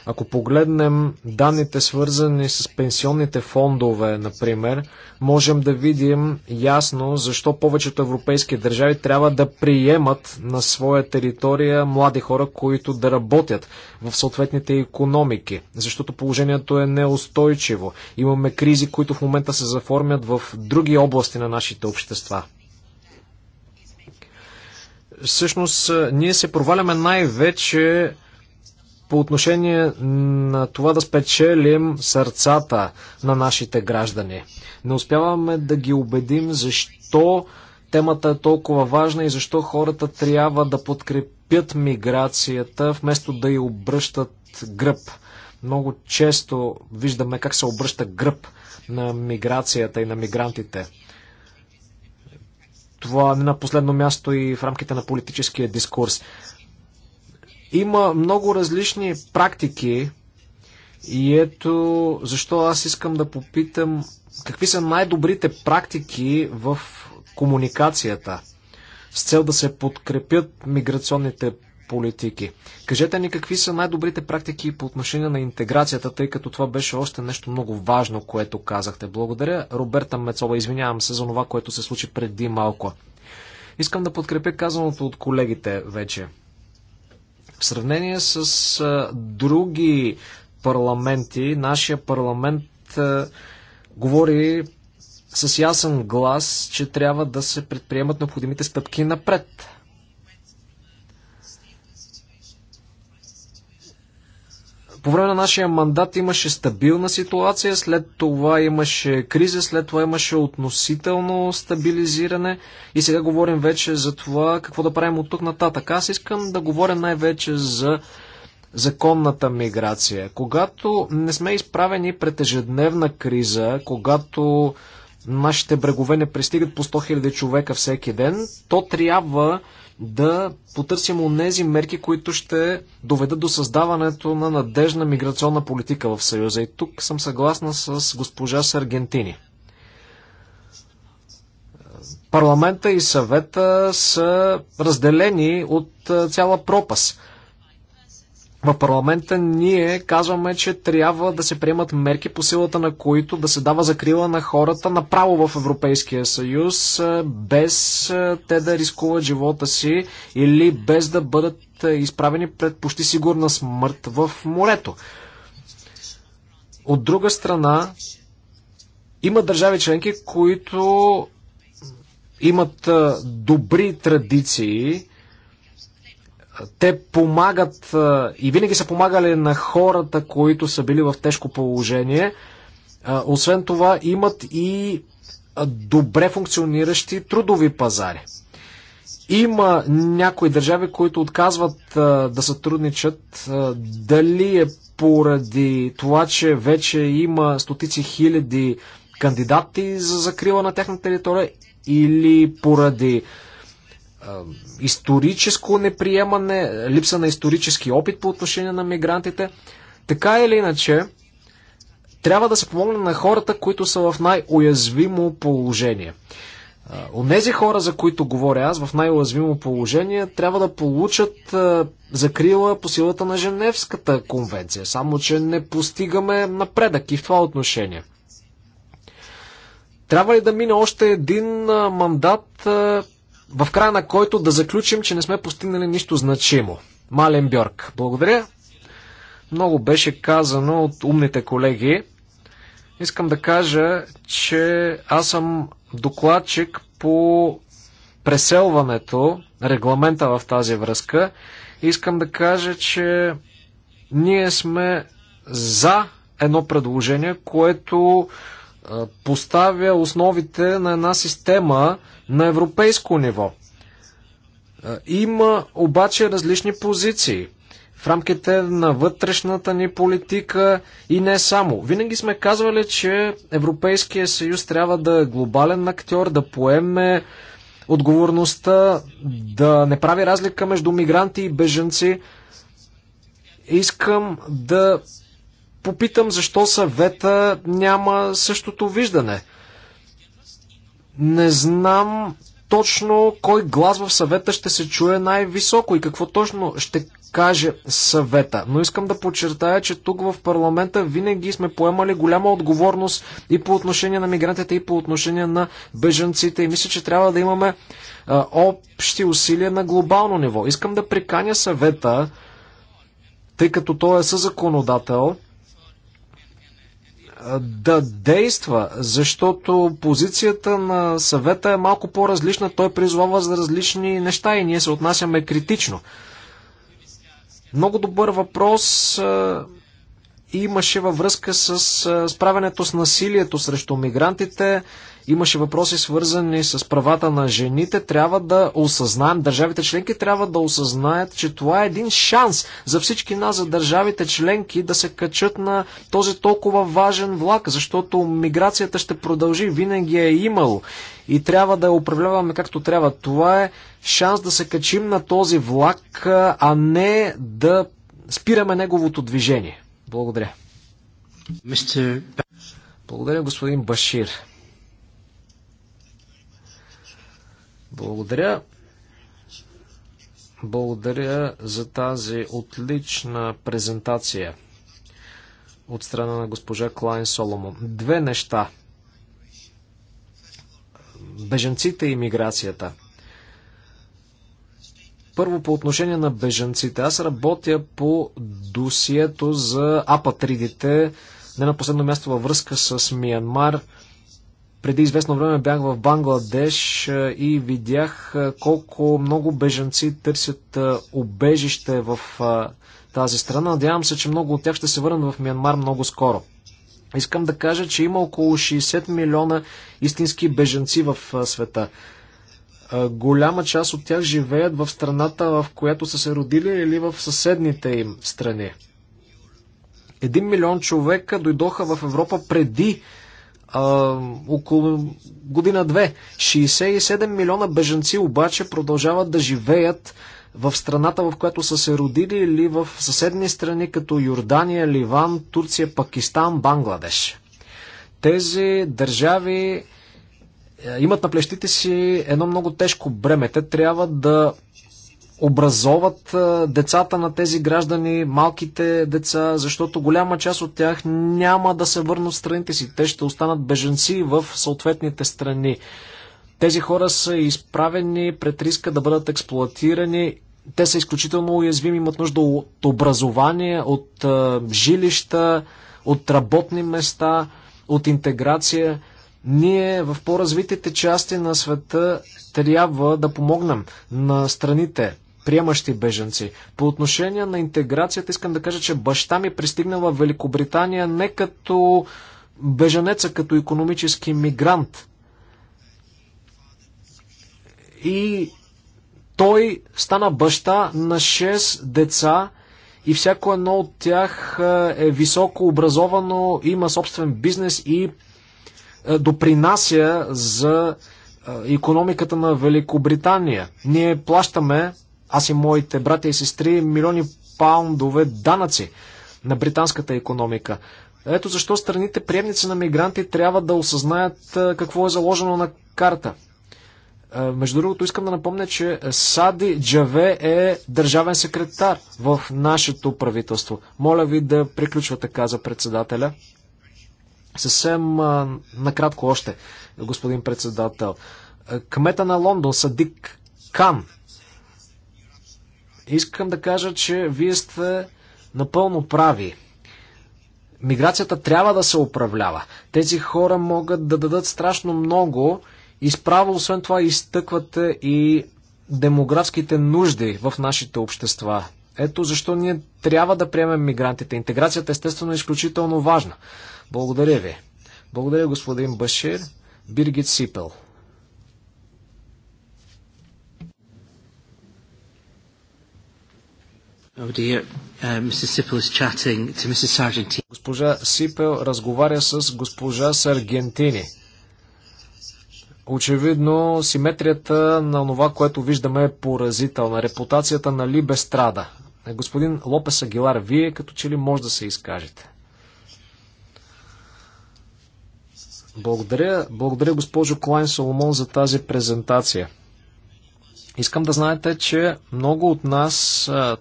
Ако погледнем данните свързани с пенсионните фондове, например, можем да видим ясно защо повечето европейски държави трябва да приемат на своя територия млади хора, които да работят в съответните економики, защото положението е неустойчиво. Имаме кризи, които в момента се заформят в други области на нашите общества всъщност ние се проваляме най-вече по отношение на това да спечелим сърцата на нашите граждани. Не успяваме да ги убедим защо темата е толкова важна и защо хората трябва да подкрепят миграцията, вместо да й обръщат гръб. Много често виждаме как се обръща гръб на миграцията и на мигрантите. Това не на последно място и в рамките на политическия дискурс. Има много различни практики и ето защо аз искам да попитам какви са най-добрите практики в комуникацията с цел да се подкрепят миграционните политики. Кажете ни какви са най-добрите практики по отношение на интеграцията, тъй като това беше още нещо много важно, което казахте. Благодаря. Роберта Мецова, извинявам се за това, което се случи преди малко. Искам да подкрепя казаното от колегите вече. В сравнение с други парламенти, нашия парламент говори с ясен глас, че трябва да се предприемат необходимите стъпки напред По време на нашия мандат имаше стабилна ситуация, след това имаше криза, след това имаше относително стабилизиране и сега говорим вече за това какво да правим от тук нататък. Аз искам да говоря най-вече за законната миграция. Когато не сме изправени пред ежедневна криза, когато нашите брегове не пристигат по 100 000 човека всеки ден, то трябва да потърсим онези мерки, които ще доведат до създаването на надежна миграционна политика в Съюза. И тук съм съгласна с госпожа Саргентини. Парламента и съвета са разделени от цяла пропас – в парламента ние казваме, че трябва да се приемат мерки по силата на които да се дава закрила на хората направо в Европейския съюз, е, без е, те да рискуват живота си или без да бъдат е, изправени пред почти сигурна смърт в морето. От друга страна, има държави членки, които имат добри традиции, те помагат и винаги са помагали на хората, които са били в тежко положение. Освен това, имат и добре функциониращи трудови пазари. Има някои държави, които отказват да сътрудничат. Дали е поради това, че вече има стотици хиляди кандидати за закрила на тяхна територия или поради историческо неприемане, липса на исторически опит по отношение на мигрантите. Така или иначе, трябва да се помогне на хората, които са в най-уязвимо положение. Онези хора, за които говоря аз, в най-уязвимо положение, трябва да получат закрила по силата на Женевската конвенция. Само, че не постигаме напредък и в това отношение. Трябва ли да мине още един мандат? в края на който да заключим, че не сме постигнали нищо значимо. Мален Бьорк. Благодаря. Много беше казано от умните колеги. Искам да кажа, че аз съм докладчик по преселването, регламента в тази връзка. Искам да кажа, че ние сме за едно предложение, което поставя основите на една система, на европейско ниво. Има обаче различни позиции в рамките на вътрешната ни политика и не само. Винаги сме казвали, че Европейския съюз трябва да е глобален актьор, да поеме отговорността, да не прави разлика между мигранти и беженци. Искам да попитам защо съвета няма същото виждане. Не знам точно кой глас в съвета ще се чуе най-високо и какво точно ще каже съвета. Но искам да подчертая, че тук в парламента винаги сме поемали голяма отговорност и по отношение на мигрантите, и по отношение на бежанците. И мисля, че трябва да имаме а, общи усилия на глобално ниво. Искам да приканя съвета, тъй като той е съзаконодател, да действа, защото позицията на съвета е малко по-различна. Той призовава за различни неща и ние се отнасяме критично. Много добър въпрос имаше във връзка с справянето с насилието срещу мигрантите. Имаше въпроси свързани с правата на жените. Трябва да осъзнаем, държавите членки трябва да осъзнаят, че това е един шанс за всички нас, за държавите членки да се качат на този толкова важен влак, защото миграцията ще продължи, винаги е имало и трябва да я управляваме както трябва. Това е шанс да се качим на този влак, а не да спираме неговото движение. Благодаря. Благодаря, господин Башир. Благодаря. Благодаря за тази отлична презентация от страна на госпожа Клайн Соломон. Две неща. Беженците и миграцията. Първо по отношение на бежанците. Аз работя по досието за апатридите, не на последно място във връзка с Миянмар. Преди известно време бях в Бангладеш и видях колко много бежанци търсят обежище в тази страна. Надявам се, че много от тях ще се върнат в Миянмар много скоро. Искам да кажа, че има около 60 милиона истински бежанци в света. Голяма част от тях живеят в страната, в която са се родили или в съседните им страни. Един милион човека дойдоха в Европа преди а, около година-две. 67 милиона бежанци обаче продължават да живеят в страната, в която са се родили или в съседни страни като Йордания, Ливан, Турция, Пакистан, Бангладеш. Тези държави е, имат на плещите си едно много тежко бреме. Те трябва да образоват е, децата на тези граждани, малките деца, защото голяма част от тях няма да се върнат в страните си. Те ще останат беженци в съответните страни. Тези хора са изправени пред риска да бъдат експлуатирани. Те са изключително уязвими, имат нужда от образование, от е, жилища, от работни места, от интеграция. Ние в по-развитите части на света трябва да помогнем на страните, приемащи беженци. По отношение на интеграцията искам да кажа, че баща ми пристигна в Великобритания не като беженец, а като економически мигрант. И той стана баща на 6 деца и всяко едно от тях е, е високо образовано, има собствен бизнес и е, допринася за економиката на Великобритания. Ние плащаме, аз и моите братя и сестри, милиони паундове данъци на британската економика. Ето защо страните приемници на мигранти трябва да осъзнаят е, какво е заложено на карта. Е, между другото, искам да напомня, че Сади Джаве е държавен секретар в нашето правителство. Моля ви да приключвате, каза председателя. Съвсем накратко още, господин председател. Кмета на Лондон, Садик Кан. Искам да кажа, че вие сте напълно прави. Миграцията трябва да се управлява. Тези хора могат да дадат страшно много и справо, освен това, изтъквате и демографските нужди в нашите общества. Ето защо ние трябва да приемем мигрантите. Интеграцията естествено е изключително важна. Благодаря ви. Благодаря господин Башир. Биргит Сипел. Oh, uh, госпожа Сипел разговаря с госпожа Саргентини. Очевидно, симетрията на това, което виждаме е поразителна. Репутацията на либестрада. Господин Лопес Агилар, вие като че ли може да се изкажете? Благодаря, благодаря госпожо Клайн Соломон за тази презентация. Искам да знаете, че много от нас а,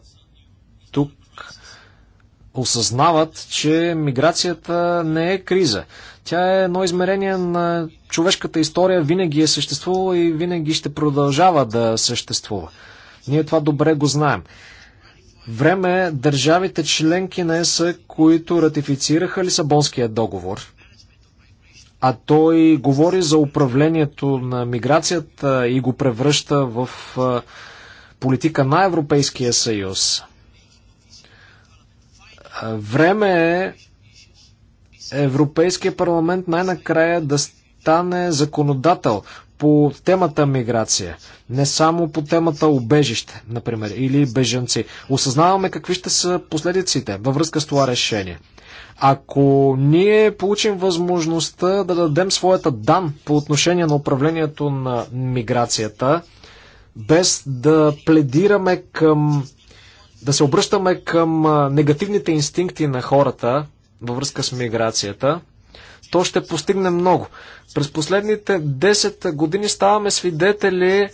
тук осъзнават, че миграцията не е криза. Тя е едно измерение на човешката история, винаги е съществувала и винаги ще продължава да съществува. Ние това добре го знаем. Време е държавите членки на ЕС, които ратифицираха Лисабонския договор, а той говори за управлението на миграцията и го превръща в политика на Европейския съюз. Време е Европейския парламент най-накрая да стане законодател по темата миграция, не само по темата обежище, например, или беженци. Осъзнаваме какви ще са последиците във връзка с това решение. Ако ние получим възможността да дадем своята дан по отношение на управлението на миграцията, без да пледираме към да се обръщаме към негативните инстинкти на хората във връзка с миграцията, то ще постигне много. През последните 10 години ставаме свидетели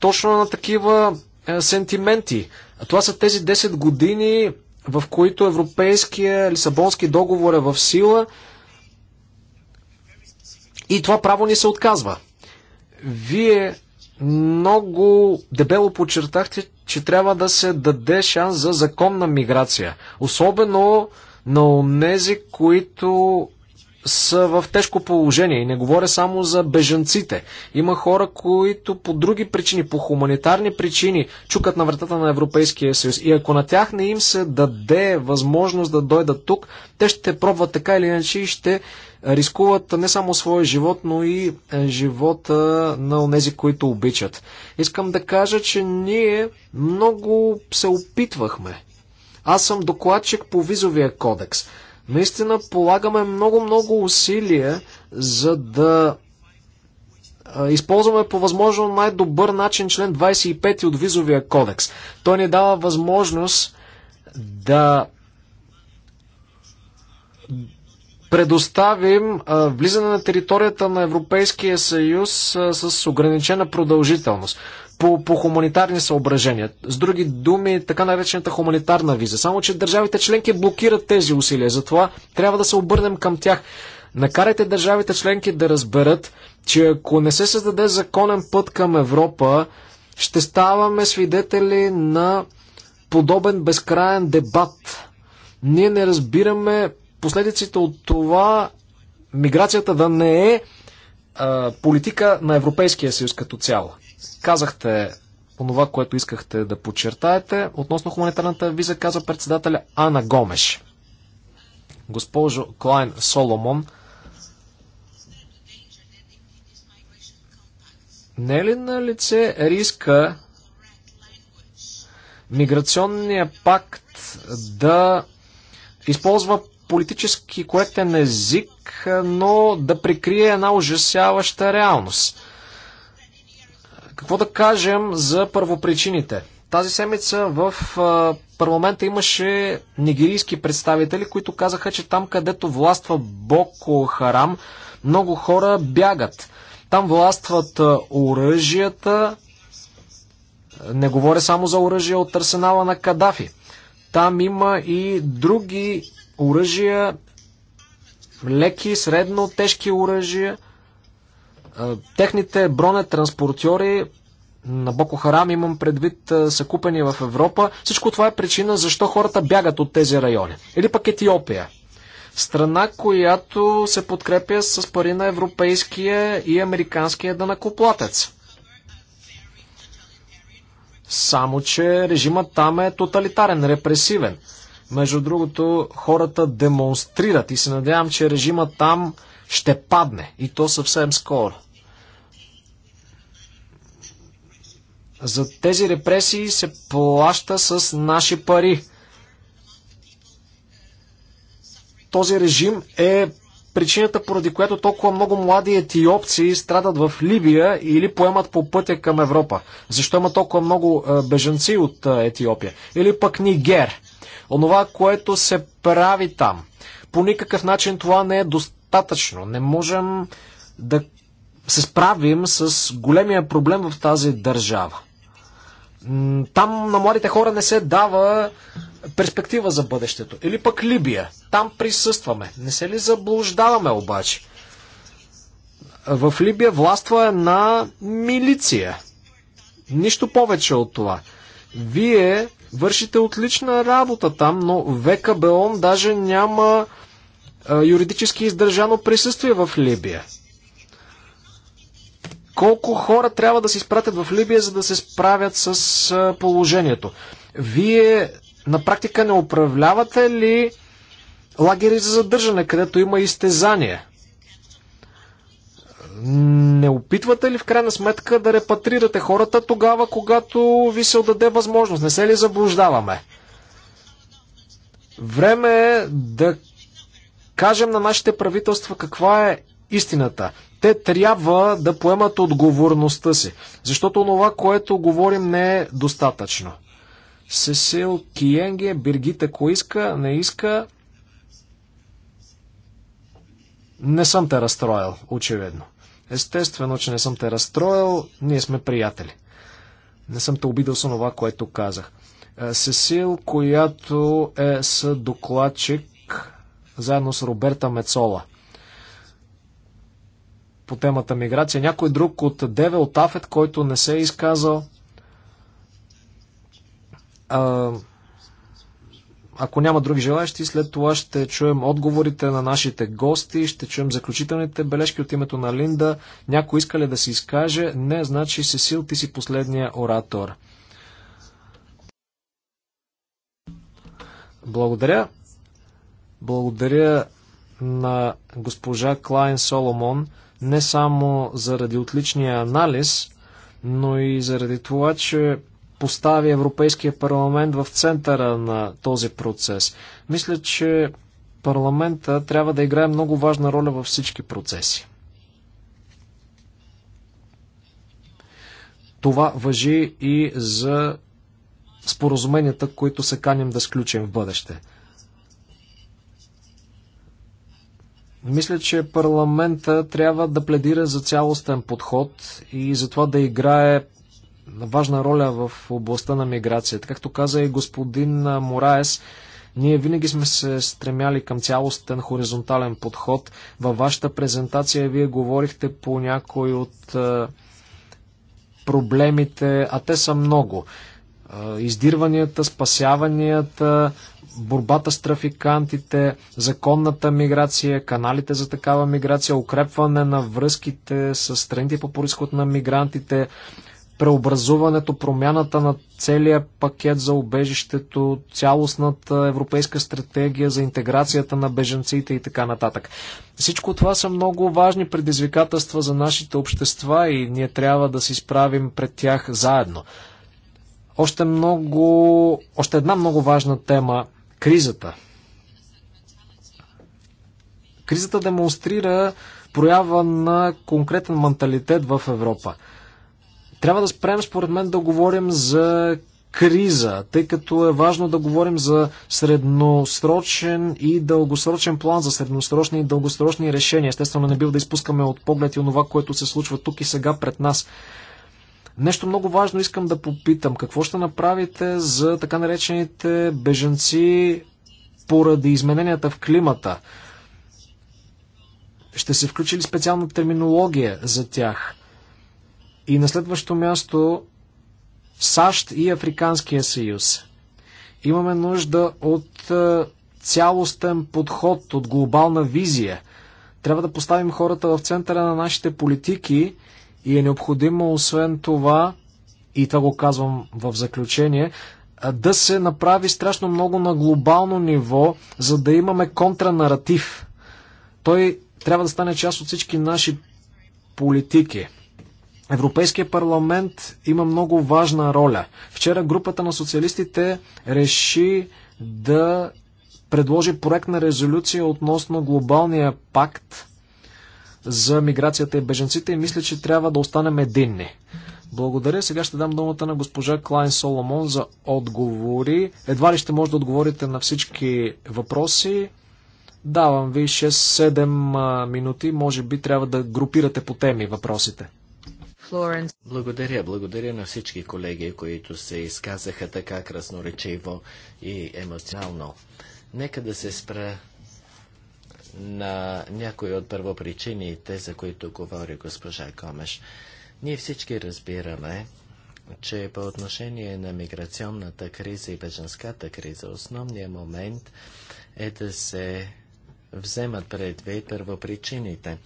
точно на такива сентименти. А това са тези 10 години, в които Европейския Лисабонски договор е в сила и това право ни се отказва. Вие много дебело подчертахте, че трябва да се даде шанс за законна миграция. Особено на онези, които са в тежко положение. И не говоря само за бежанците. Има хора, които по други причини, по хуманитарни причини, чукат на вратата на Европейския съюз. И ако на тях не им се даде възможност да дойдат тук, те ще пробват така или иначе и ще рискуват не само своя живот, но и е, живота на онези, които обичат. Искам да кажа, че ние много се опитвахме. Аз съм докладчик по визовия кодекс. Наистина полагаме много-много усилия, за да използваме по възможно най-добър начин член 25 от визовия кодекс. Той ни дава възможност да предоставим влизане на територията на Европейския съюз с ограничена продължителност по, по хуманитарни съображения. С други думи, така наречената хуманитарна виза. Само, че държавите членки блокират тези усилия. Затова трябва да се обърнем към тях. Накарайте държавите членки да разберат, че ако не се създаде законен път към Европа, ще ставаме свидетели на подобен безкраен дебат. Ние не разбираме последиците от това миграцията да не е а, политика на Европейския съюз като цяло казахте онова, което искахте да подчертаете. Относно хуманитарната виза, каза председателя Ана Гомеш. Госпожо Клайн Соломон, не е ли на лице риска миграционния пакт да използва политически коректен език, но да прикрие една ужасяваща реалност? Какво да кажем за първопричините? Тази седмица в парламента имаше нигерийски представители, които казаха, че там където властва Боко Харам, много хора бягат. Там властват оръжията, не говоря само за оръжия от арсенала на Кадафи. Там има и други оръжия, леки, средно тежки оръжия. Техните бронетранспортьори на Боко Харам, имам предвид, са купени в Европа. Всичко това е причина защо хората бягат от тези райони. Или пък Етиопия. Страна, която се подкрепя с пари на европейския и американския данакоплатец. Само, че режимът там е тоталитарен, репресивен. Между другото, хората демонстрират и се надявам, че режимът там ще падне и то съвсем скоро. За тези репресии се плаща с наши пари. Този режим е причината, поради която толкова много млади етиопци страдат в Либия или поемат по пътя към Европа. Защо има толкова много е, беженци от е, Етиопия? Или пък Нигер. Онова, което се прави там. По никакъв начин това не е достатъчно достатъчно. Не можем да се справим с големия проблем в тази държава. Там на младите хора не се дава перспектива за бъдещето. Или пък Либия. Там присъстваме. Не се ли заблуждаваме обаче? В Либия властва една милиция. Нищо повече от това. Вие вършите отлична работа там, но ВКБОН даже няма юридически издържано присъствие в Либия. Колко хора трябва да се изпратят в Либия, за да се справят с положението? Вие на практика не управлявате ли лагери за задържане, където има изтезание? не опитвате ли в крайна сметка да репатрирате хората тогава, когато ви се отдаде възможност? Не се ли заблуждаваме? Време е да кажем на нашите правителства каква е истината. Те трябва да поемат отговорността си, защото това, което говорим, не е достатъчно. Сесил Киенге, Биргите, ако иска, не иска, не съм те разстроил, очевидно. Естествено, че не съм те разстроил, ние сме приятели. Не съм те обидал с това, което казах. Е, Сесил, която е съдокладчик заедно с Роберта Мецола по темата миграция. Някой друг от Девел Тафет, който не се е изказал. А, ако няма други желащи, след това ще чуем отговорите на нашите гости, ще чуем заключителните бележки от името на Линда. Някой иска ли да се изкаже? Не, значи Сесил, ти си последния оратор. Благодаря. Благодаря на госпожа Клайн Соломон не само заради отличния анализ, но и заради това, че постави Европейския парламент в центъра на този процес. Мисля, че парламента трябва да играе много важна роля във всички процеси. Това въжи и за споразуменията, които се каним да сключим в бъдеще. Мисля, че парламента трябва да пледира за цялостен подход и за това да играе важна роля в областта на миграцията. Както каза и господин Мораес, ние винаги сме се стремяли към цялостен хоризонтален подход. Във вашата презентация вие говорихте по някои от е, проблемите, а те са много. Е, издирванията, спасяванията, борбата с трафикантите, законната миграция, каналите за такава миграция, укрепване на връзките с страните по происход на мигрантите, преобразуването, промяната на целия пакет за убежището, цялостната европейска стратегия за интеграцията на беженците и така нататък. Всичко това са много важни предизвикателства за нашите общества и ние трябва да се справим пред тях заедно. Още много, още една много важна тема кризата. Кризата демонстрира проява на конкретен менталитет в Европа. Трябва да спрем, според мен, да говорим за криза, тъй като е важно да говорим за средносрочен и дългосрочен план, за средносрочни и дългосрочни решения. Естествено, не бива да изпускаме от поглед и онова, което се случва тук и сега пред нас. Нещо много важно искам да попитам. Какво ще направите за така наречените беженци поради измененията в климата? Ще се включи ли специална терминология за тях? И на следващо място САЩ и Африканския съюз. Имаме нужда от е, цялостен подход, от глобална визия. Трябва да поставим хората в центъра на нашите политики и е необходимо, освен това, и това го казвам в заключение, да се направи страшно много на глобално ниво, за да имаме контранаратив. Той трябва да стане част от всички наши политики. Европейския парламент има много важна роля. Вчера групата на социалистите реши да предложи проект на резолюция относно глобалния пакт за миграцията и беженците и мисля, че трябва да останем единни. Благодаря. Сега ще дам думата на госпожа Клайн Соломон за отговори. Едва ли ще може да отговорите на всички въпроси. Давам ви 6-7 минути. Може би трябва да групирате по теми въпросите. Флоренс. Благодаря, благодаря на всички колеги, които се изказаха така красноречиво и емоционално. Нека да се спра на някои от първопричините, за които говори госпожа Комеш. Ние всички разбираме, че по отношение на миграционната криза и беженската криза, основният момент е да се вземат предвид първопричините.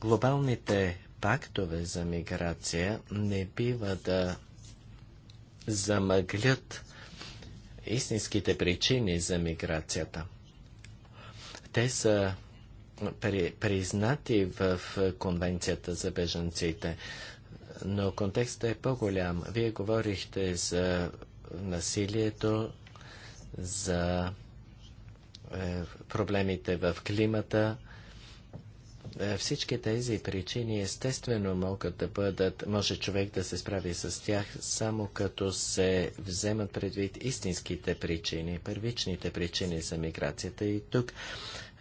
Глобалните пактове за миграция не бива да замъглят истинските причини за миграцията. Те са при, признати в е, Конвенцията за бежанците, но контекстът е по-голям. Вие говорихте за насилието, за е, проблемите в климата. Е, всички тези причини естествено могат да бъдат, може човек да се справи с тях, само като се вземат предвид истинските причини, първичните причини за миграцията. И тук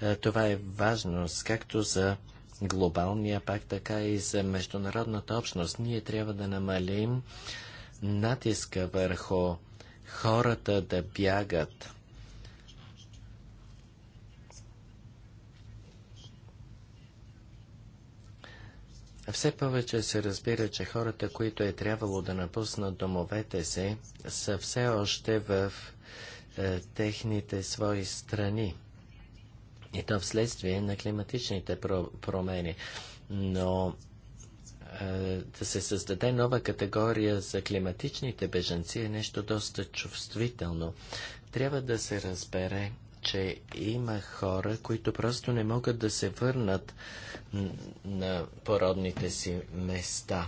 е, това е важно, както за глобалния пакт, така и за международната общност. Ние трябва да намалим натиска върху хората да бягат. Все повече се разбира, че хората, които е трябвало да напуснат домовете си, са все още в е, техните свои страни. И то вследствие на климатичните промени. Но е, да се създаде нова категория за климатичните бежанци е нещо доста чувствително. Трябва да се разбере, че има хора, които просто не могат да се върнат на породните си места.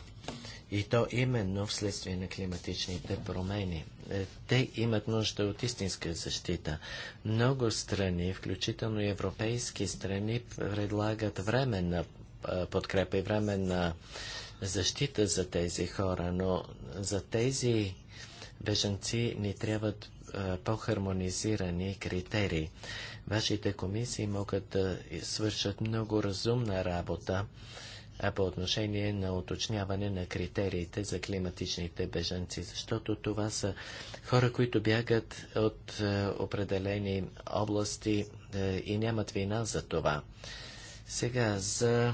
И то именно вследствие на климатичните промени. Е, те имат нужда от истинска защита. Много страни, включително и европейски страни, предлагат временна подкрепа и временна защита за тези хора, но за тези бежанци ни трябват по-хармонизирани критерии. Вашите комисии могат да свършат много разумна работа а по отношение на уточняване на критериите за климатичните бежанци, защото това са хора, които бягат от е, определени области е, и нямат вина за това. Сега за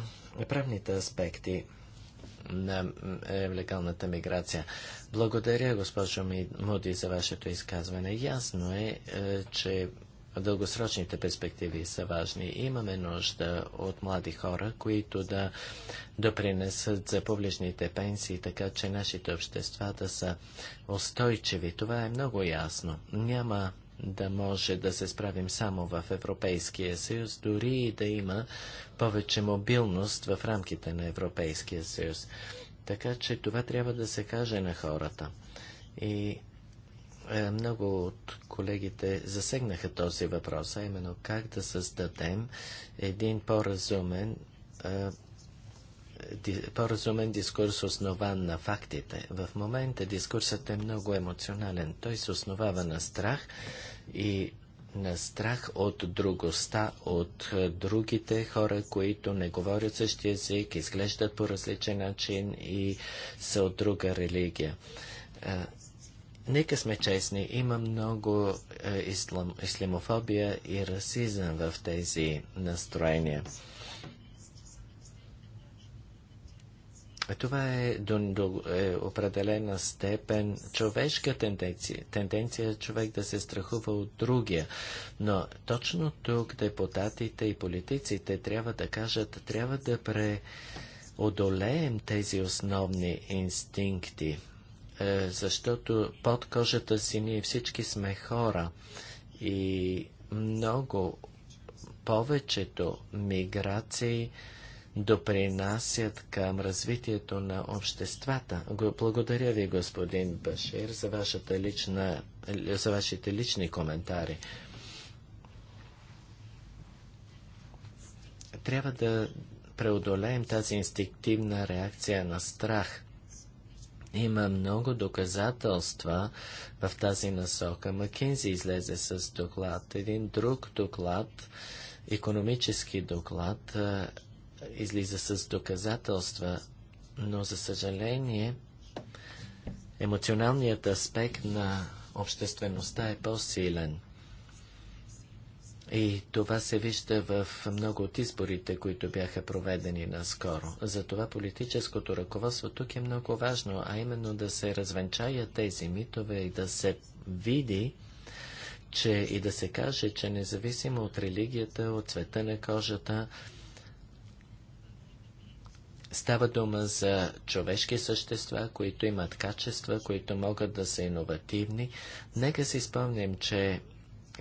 правните аспекти на е, легалната миграция. Благодаря, госпожо Муди, за вашето изказване. Ясно е че дългосрочните перспективи са важни. Имаме нужда от млади хора, които да допринесат за публичните пенсии, така че нашите общества да са устойчиви. Това е много ясно. Няма да може да се справим само в Европейския съюз, дори и да има повече мобилност в рамките на Европейския съюз. Така че това трябва да се каже на хората. И е, много от колегите засегнаха този въпрос, а именно как да създадем един по-разумен е, по-разумен дискурс, основан на фактите. В момента дискурсът е много емоционален. Той се основава на страх и на страх от другоста, от е, другите хора, които не говорят същия език, изглеждат по различен начин и са от друга религия. Нека сме честни, има много е, ислам, ислямофобия и расизъм в тези настроения. Това е до, до е, определена степен човешка тенденция. Тенденция човек да се страхува от другия. Но точно тук депутатите и политиците трябва да кажат, трябва да преодолеем тези основни инстинкти. Е, защото под кожата си ние всички сме хора и много повечето миграции допринасят към развитието на обществата. Благодаря ви, господин Башир, за, вашата лична, за вашите лични коментари. Трябва да преодолеем тази инстинктивна реакция на страх. Има много доказателства в тази насока. Макинзи излезе с доклад. Един друг доклад, економически доклад, излиза с доказателства, но за съжаление емоционалният аспект на обществеността е по-силен. И това се вижда в много от изборите, които бяха проведени наскоро. Затова политическото ръководство тук е много важно, а именно да се развенчаят тези митове и да се види, че и да се каже, че независимо от религията, от цвета на кожата, Става дума за човешки същества, които имат качества, които могат да са иновативни. Нека си спомним, че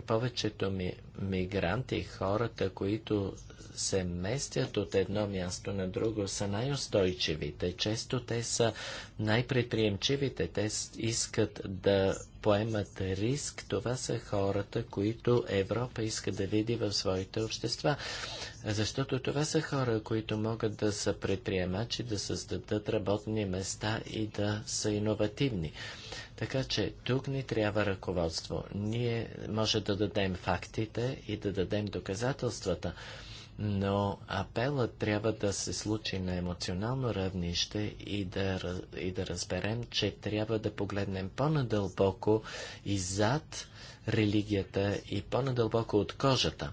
повечето ми, мигранти, хората, които се местят от едно място на друго, са най-устойчивите. Често те са най-предприемчивите. Те искат да поемат риск. Това са хората, които Европа иска да види в своите общества. Защото това са хора, които могат да са предприемачи, да създадат работни места и да са иновативни. Така че тук ни трябва ръководство. Ние може да дадем фактите и да дадем доказателствата но апелът трябва да се случи на емоционално равнище и да, и да разберем, че трябва да погледнем по-надълбоко и зад религията и по-надълбоко от кожата.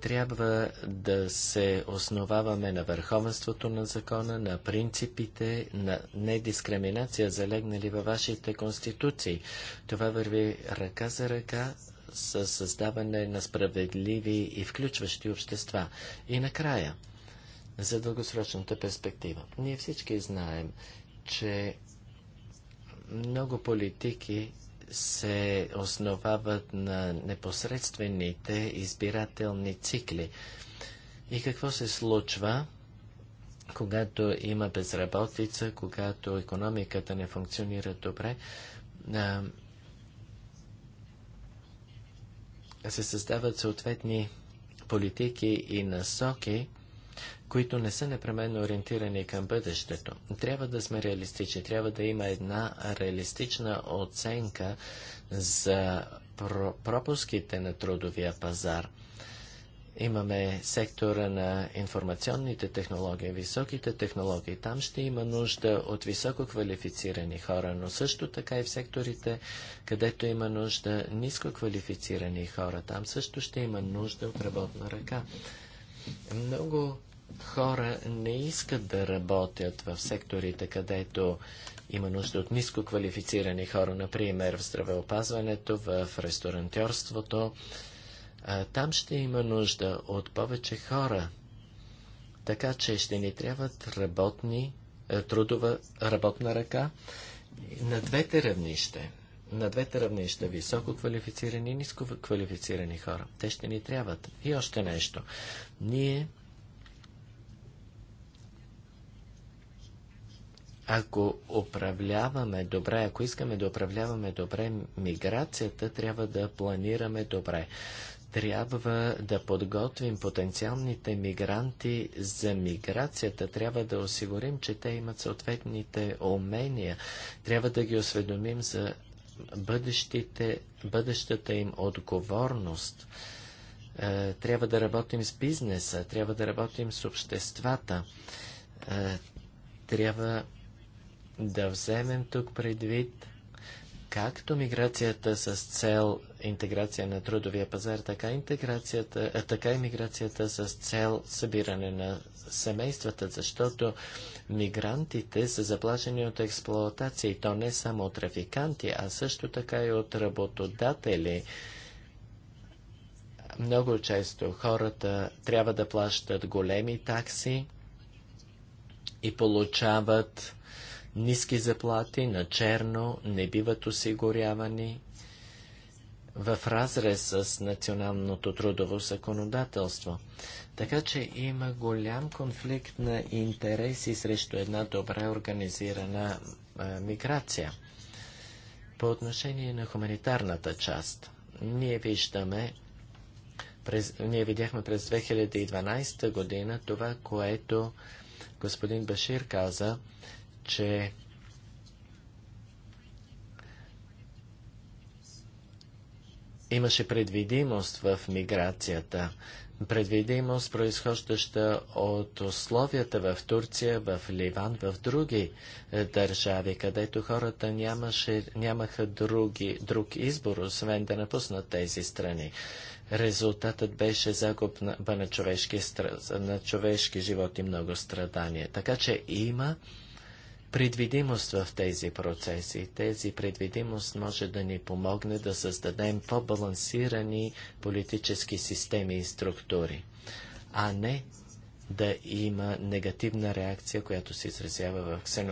Трябва да се основаваме на върховенството на закона, на принципите на недискриминация, залегнали във вашите конституции. Това върви ръка за ръка с създаване на справедливи и включващи общества. И накрая, за дългосрочната перспектива. Ние всички знаем, че много политики се основават на непосредствените избирателни цикли. И какво се случва, когато има безработица, когато економиката не функционира добре? се създават съответни политики и насоки, които не са непременно ориентирани към бъдещето. Трябва да сме реалистични, трябва да има една реалистична оценка за пропуските на трудовия пазар – Имаме сектора на информационните технологии, високите технологии. Там ще има нужда от високо квалифицирани хора, но също така и в секторите, където има нужда ниско квалифицирани хора. Там също ще има нужда от работна ръка. Много хора не искат да работят в секторите, където има нужда от ниско квалифицирани хора, например в здравеопазването, в ресторантьорството. Там ще има нужда от повече хора, така че ще ни трябват работни, е, трудова работна ръка на двете равнища. На двете равнища високо квалифицирани и ниско квалифицирани хора. Те ще ни трябват. И още нещо. Ние ако управляваме добре, ако искаме да управляваме добре миграцията, трябва да планираме добре трябва да подготвим потенциалните мигранти за миграцията, трябва да осигурим, че те имат съответните умения, трябва да ги осведомим за бъдещите, бъдещата им отговорност. Е, трябва да работим с бизнеса, трябва да работим с обществата, е, трябва да вземем тук предвид както миграцията с цел интеграция на трудовия пазар, така, интеграцията, така и миграцията с цел събиране на семействата, защото мигрантите са заплашени от експлоатация и то не само от трафиканти, а също така и от работодатели. Много често хората трябва да плащат големи такси и получават ниски заплати, на черно, не биват осигурявани в разрез с националното трудово законодателство. Така че има голям конфликт на интереси срещу една добре организирана а, миграция. По отношение на хуманитарната част, ние виждаме, през, ние видяхме през 2012 година това, което господин Башир каза, че имаше предвидимост в миграцията. Предвидимост, произхождаща от условията в Турция, в Ливан, в други е, държави, където хората нямаше, нямаха други, друг избор, освен да напуснат тези страни. Резултатът беше загуба на човешки, на човешки живот и много страдания. Така че има предвидимост в тези процеси. Тези предвидимост може да ни помогне да създадем по-балансирани политически системи и структури, а не да има негативна реакция, която се изразява в ксено.